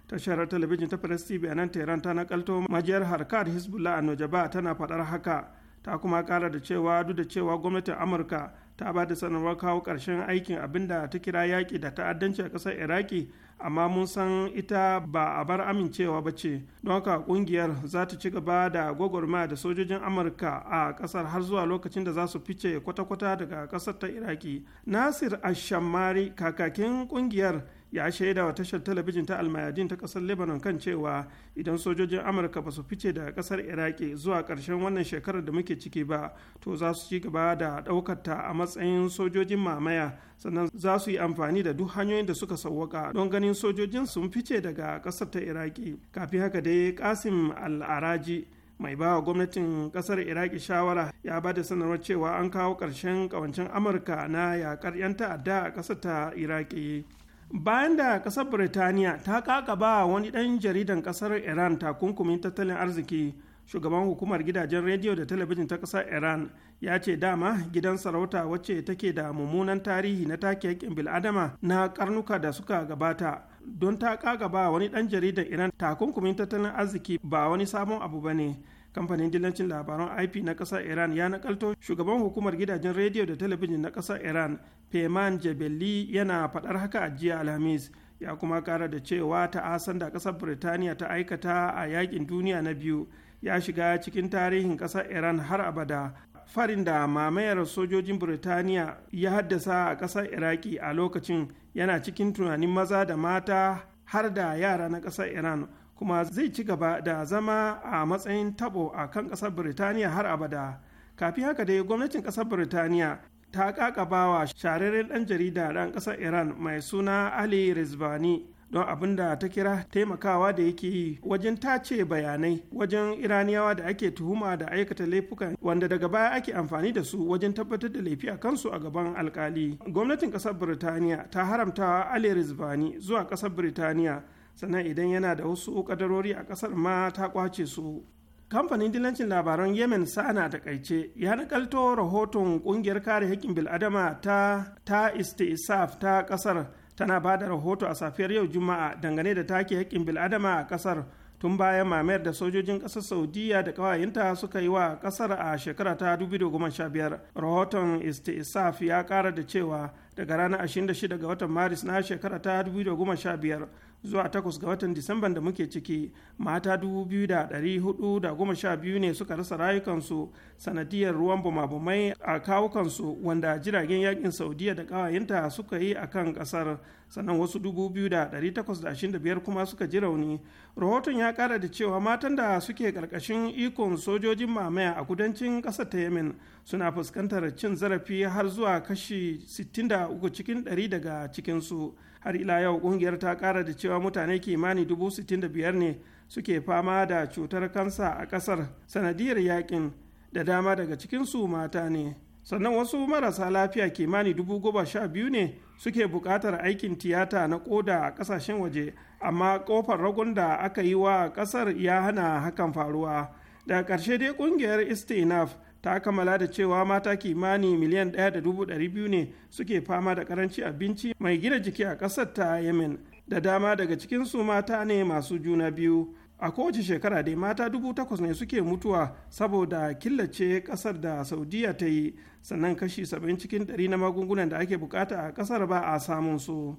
tashar talabijin ta press tv a nan tehran ta nakalto majiyar harkar hezbollah a nojaba tana faɗar haka ta kuma ƙara da cewa duk da cewa gwamnatin amurka ta ba da sanarwar kawo ƙarshen aikin abin da ta kira yaƙi da ta'addanci a ƙasar iraki amma mun san ita ba a bar amincewa ba ce don haka ƙungiyar za ta ci gaba da gwagwarma da sojojin amurka a ƙasar har zuwa lokacin da za su fice kwata-kwata daga ƙasar ta iraki nasir ashammari kakakin ƙungiyar ya shaida wa tashar talabijin ta almayadin ta kasar lebanon kan cewa idan sojojin amurka ba su fice daga kasar iraki zuwa karshen wannan shekarar da muke ciki ba to za su ci gaba da ta a matsayin sojojin mamaya sannan za su yi amfani da duk hanyoyin da suka sauwaka don ganin sojojin sun fice daga kasar ta iraki kafin haka dai kasim al'araji mai bawa gwamnatin kasar iraki shawara ya ba da sanarwar cewa an kawo ƙarshen ƙawancen amurka na yaƙar 'yan ta'adda a ƙasar ta iraki bayan da kasar birtaniya ta kakaba wani ɗan jaridan kasar iran takunkumin tattalin arziki shugaban hukumar gidajen rediyo da talabijin ta kasar iran ya ce dama gidan sarauta wacce take da mummunan tarihi na take yakin bil'adama na karnuka da suka gabata don ta kakaba wani ɗan jaridan iran takunkumin tattalin arziki ba wani sabon abu ba ne kamfanin dillancin labaran ip na ƙasar iran ya nakalto shugaban hukumar gidajen rediyo da talabijin na ƙasar iran peyman jebeli yana faɗar haka a jiya alhamis ya kuma ƙara da cewa ta'asan da ƙasar birtaniya ta aikata a yakin duniya na biyu ya shiga cikin tarihin ƙasar iran har abada farin da mamayar sojojin birtaniya ya haddasa a ƙasar iraki a lokacin yana cikin tunanin maza da mata har da yara na ƙasar iran kuma zai ci gaba da zama a matsayin tabo a kan ƙasar birtaniya har abada kafin haka dai gwamnatin ƙasar birtaniya ta ƙaƙabawa shahararren ɗan jarida ɗan ƙasar iran mai suna ali rizvani don abin da ta kira taimakawa da yake yi wajen tace bayanai wajen iraniyawa da ake tuhuma da aikata laifuka wanda daga baya ake amfani da su wajen tabbatar da laifi a kansu a gaban alkali gwamnatin ƙasar birtaniya ta haramta ali rizvani zuwa ƙasar birtaniya sannan idan yana da wasu kadarori a kasar ma ta kwace su kamfanin dilancin labaran yemen sana da kaice ya nakalto rahoton ƙungiyar kare haƙƙin bil'adama ta ta istisaf ta kasar tana ba da rahoto a safiyar yau juma'a dangane da take haƙƙin bil'adama a kasar tun bayan mamayar da sojojin ƙasar saudiya da ƙawayenta suka yi wa ƙasar a shekara ta 2015 rahoton istisaf ya ƙara da cewa daga ranar 26 ga watan maris na shekara ta 2015 zuwa takwas ga watan disamban da muke ciki mata dubu biyu da da hudu sha goma biyu ne suka rasa rayukansu sanadiyar ruwan bumabumai a kawukansu wanda jiragen yakin saudiya da kawayenta suka yi a kan kasar sannan wasu 2,825 kuma suka ji rauni rahoton ya kara da cewa matan da suke karkashin ikon sojojin mamaya a kudancin ƙasa ta yemen suna fuskantar cin zarafi har zuwa kashi 63 cikin 100 daga cikinsu har ila yau kungiyar ta kara da cewa mutane kimani 65,000 ne suke fama da cutar kansa a ƙasar sanadiyar yakin da dama daga cikinsu mata ne sannan wasu marasa lafiya kimani dubu goma sha biyu ne suke buƙatar aikin tiyata na koda a ƙasashen waje amma ƙofar ragun da aka yi wa ƙasar ya hana hakan faruwa daga ƙarshe dai ƙungiyar istinaf ta kammala da cewa mata kimani miliyan ɗaya da dubu ɗari biyu ne suke fama da ƙaranci abinci mai gina jiki a ƙasar ta yemen da dama daga cikinsu mata ne masu juna biyu a kowace shekara dai mata dubu takwas ne suke mutuwa saboda killace kasar da saudiya ta yi sannan kashi saba'in cikin ɗari na magungunan da ake bukata a kasar ba a samun su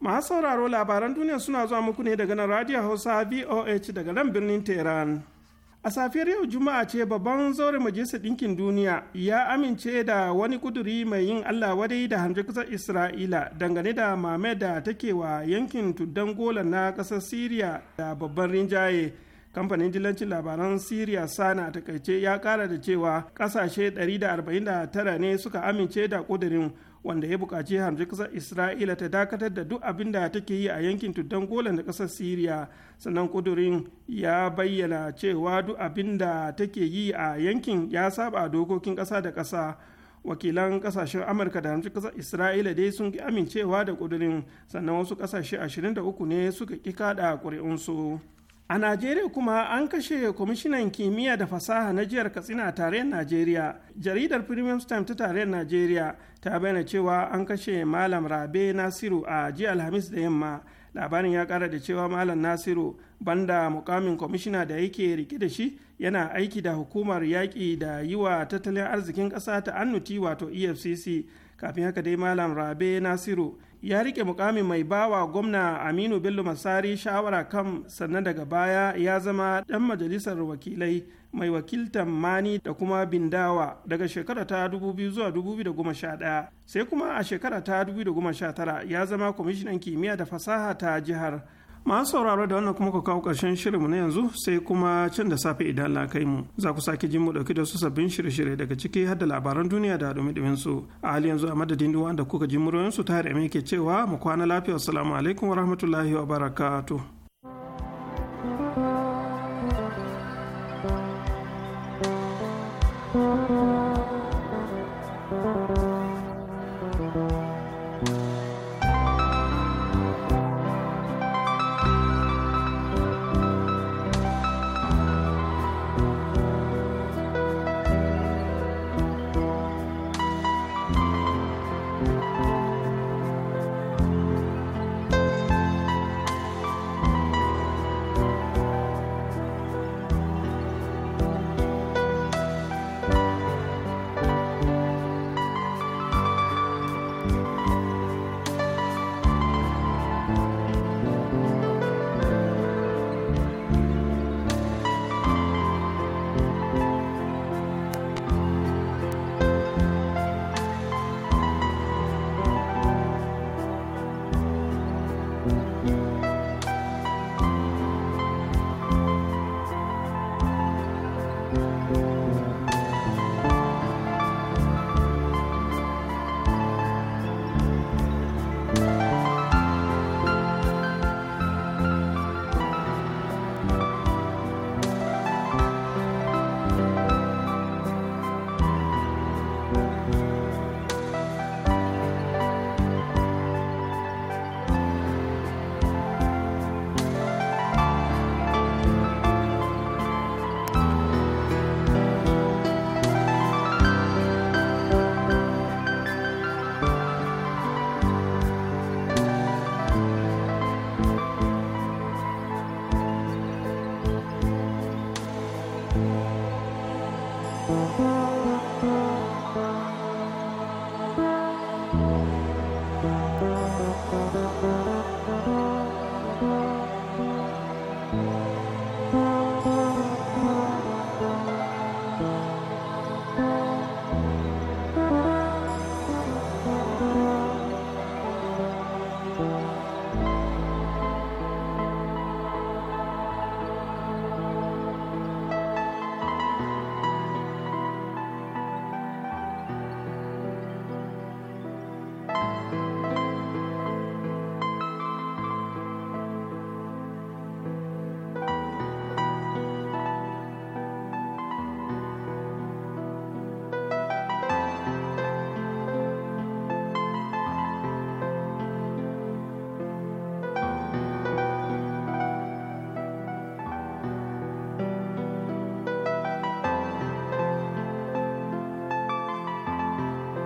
masu sauraro labaran duniya suna zuwa muku ne daga nan radio hausa voh daga nan birnin tehran a safiyar yau juma'a ce babban zaure majalisar ɗinkin duniya ya amince da wani kuduri mai yin allah wadai da hanjar ƙasar isra'ila dangane da mame da take wa yankin tuddan gola na ƙasar siriya da babban rinjaye kamfanin jilancin labaran siriya sana takaice ya kara da cewa ƙasashe 149 ne suka amince da kudurin wanda ya buƙaci hamji kasar isra'ila ta dakatar da duk abin da take yi a yankin tuddan golan da ƙasar siriya sannan kudurin ya bayyana cewa duk abin da take yi a yankin ya saba dokokin ƙasa da ƙasa wakilan kasashen amurka da hamsin kasar isra'ila dai sun ki amincewa da kudurin sannan wasu kasashe 23 ne suka ƙi kada ƙuri'unsu. a najeriya kuma an kashe kwamishinan kimiyya da fasaha na jihar katsina a tarayyar najeriya jaridar premium Times ta tarayyar najeriya ta bayyana cewa an kashe malam rabe nasiru a jiya alhamis da yamma labarin ya kara da cewa malam nasiru banda mukamin kwamishina da yake rike da shi yana aiki da hukumar yaƙi da yi wa tattalin arzikin ƙasa ta annuti wato efcc kafin haka dai malam rabe nasiru ya rike mukamin mai bawa gwamna aminu bello masari shawara kan sannan daga baya ya zama dan majalisar wakilai mai wakiltan mani da kuma bindawa daga shekara ta 2000 zuwa 2011 sai kuma a shekara ta 2019 ya zama kwamishinan kimiyya da fasaha ta jihar masu sauraro da wannan kuma ku kawo ƙarshen shirinmu na yanzu sai kuma can da safe idan Allah kai mu za ku sake jin mu dauki da su sabbin shirye-shirye daga ciki har da labaran duniya da dumi-dumin su a hali yanzu a madadin duk da kuka ji muryoyin su tare ke cewa mu kwana lafiya assalamu alaikum wa rahmatullahi wa barakatuh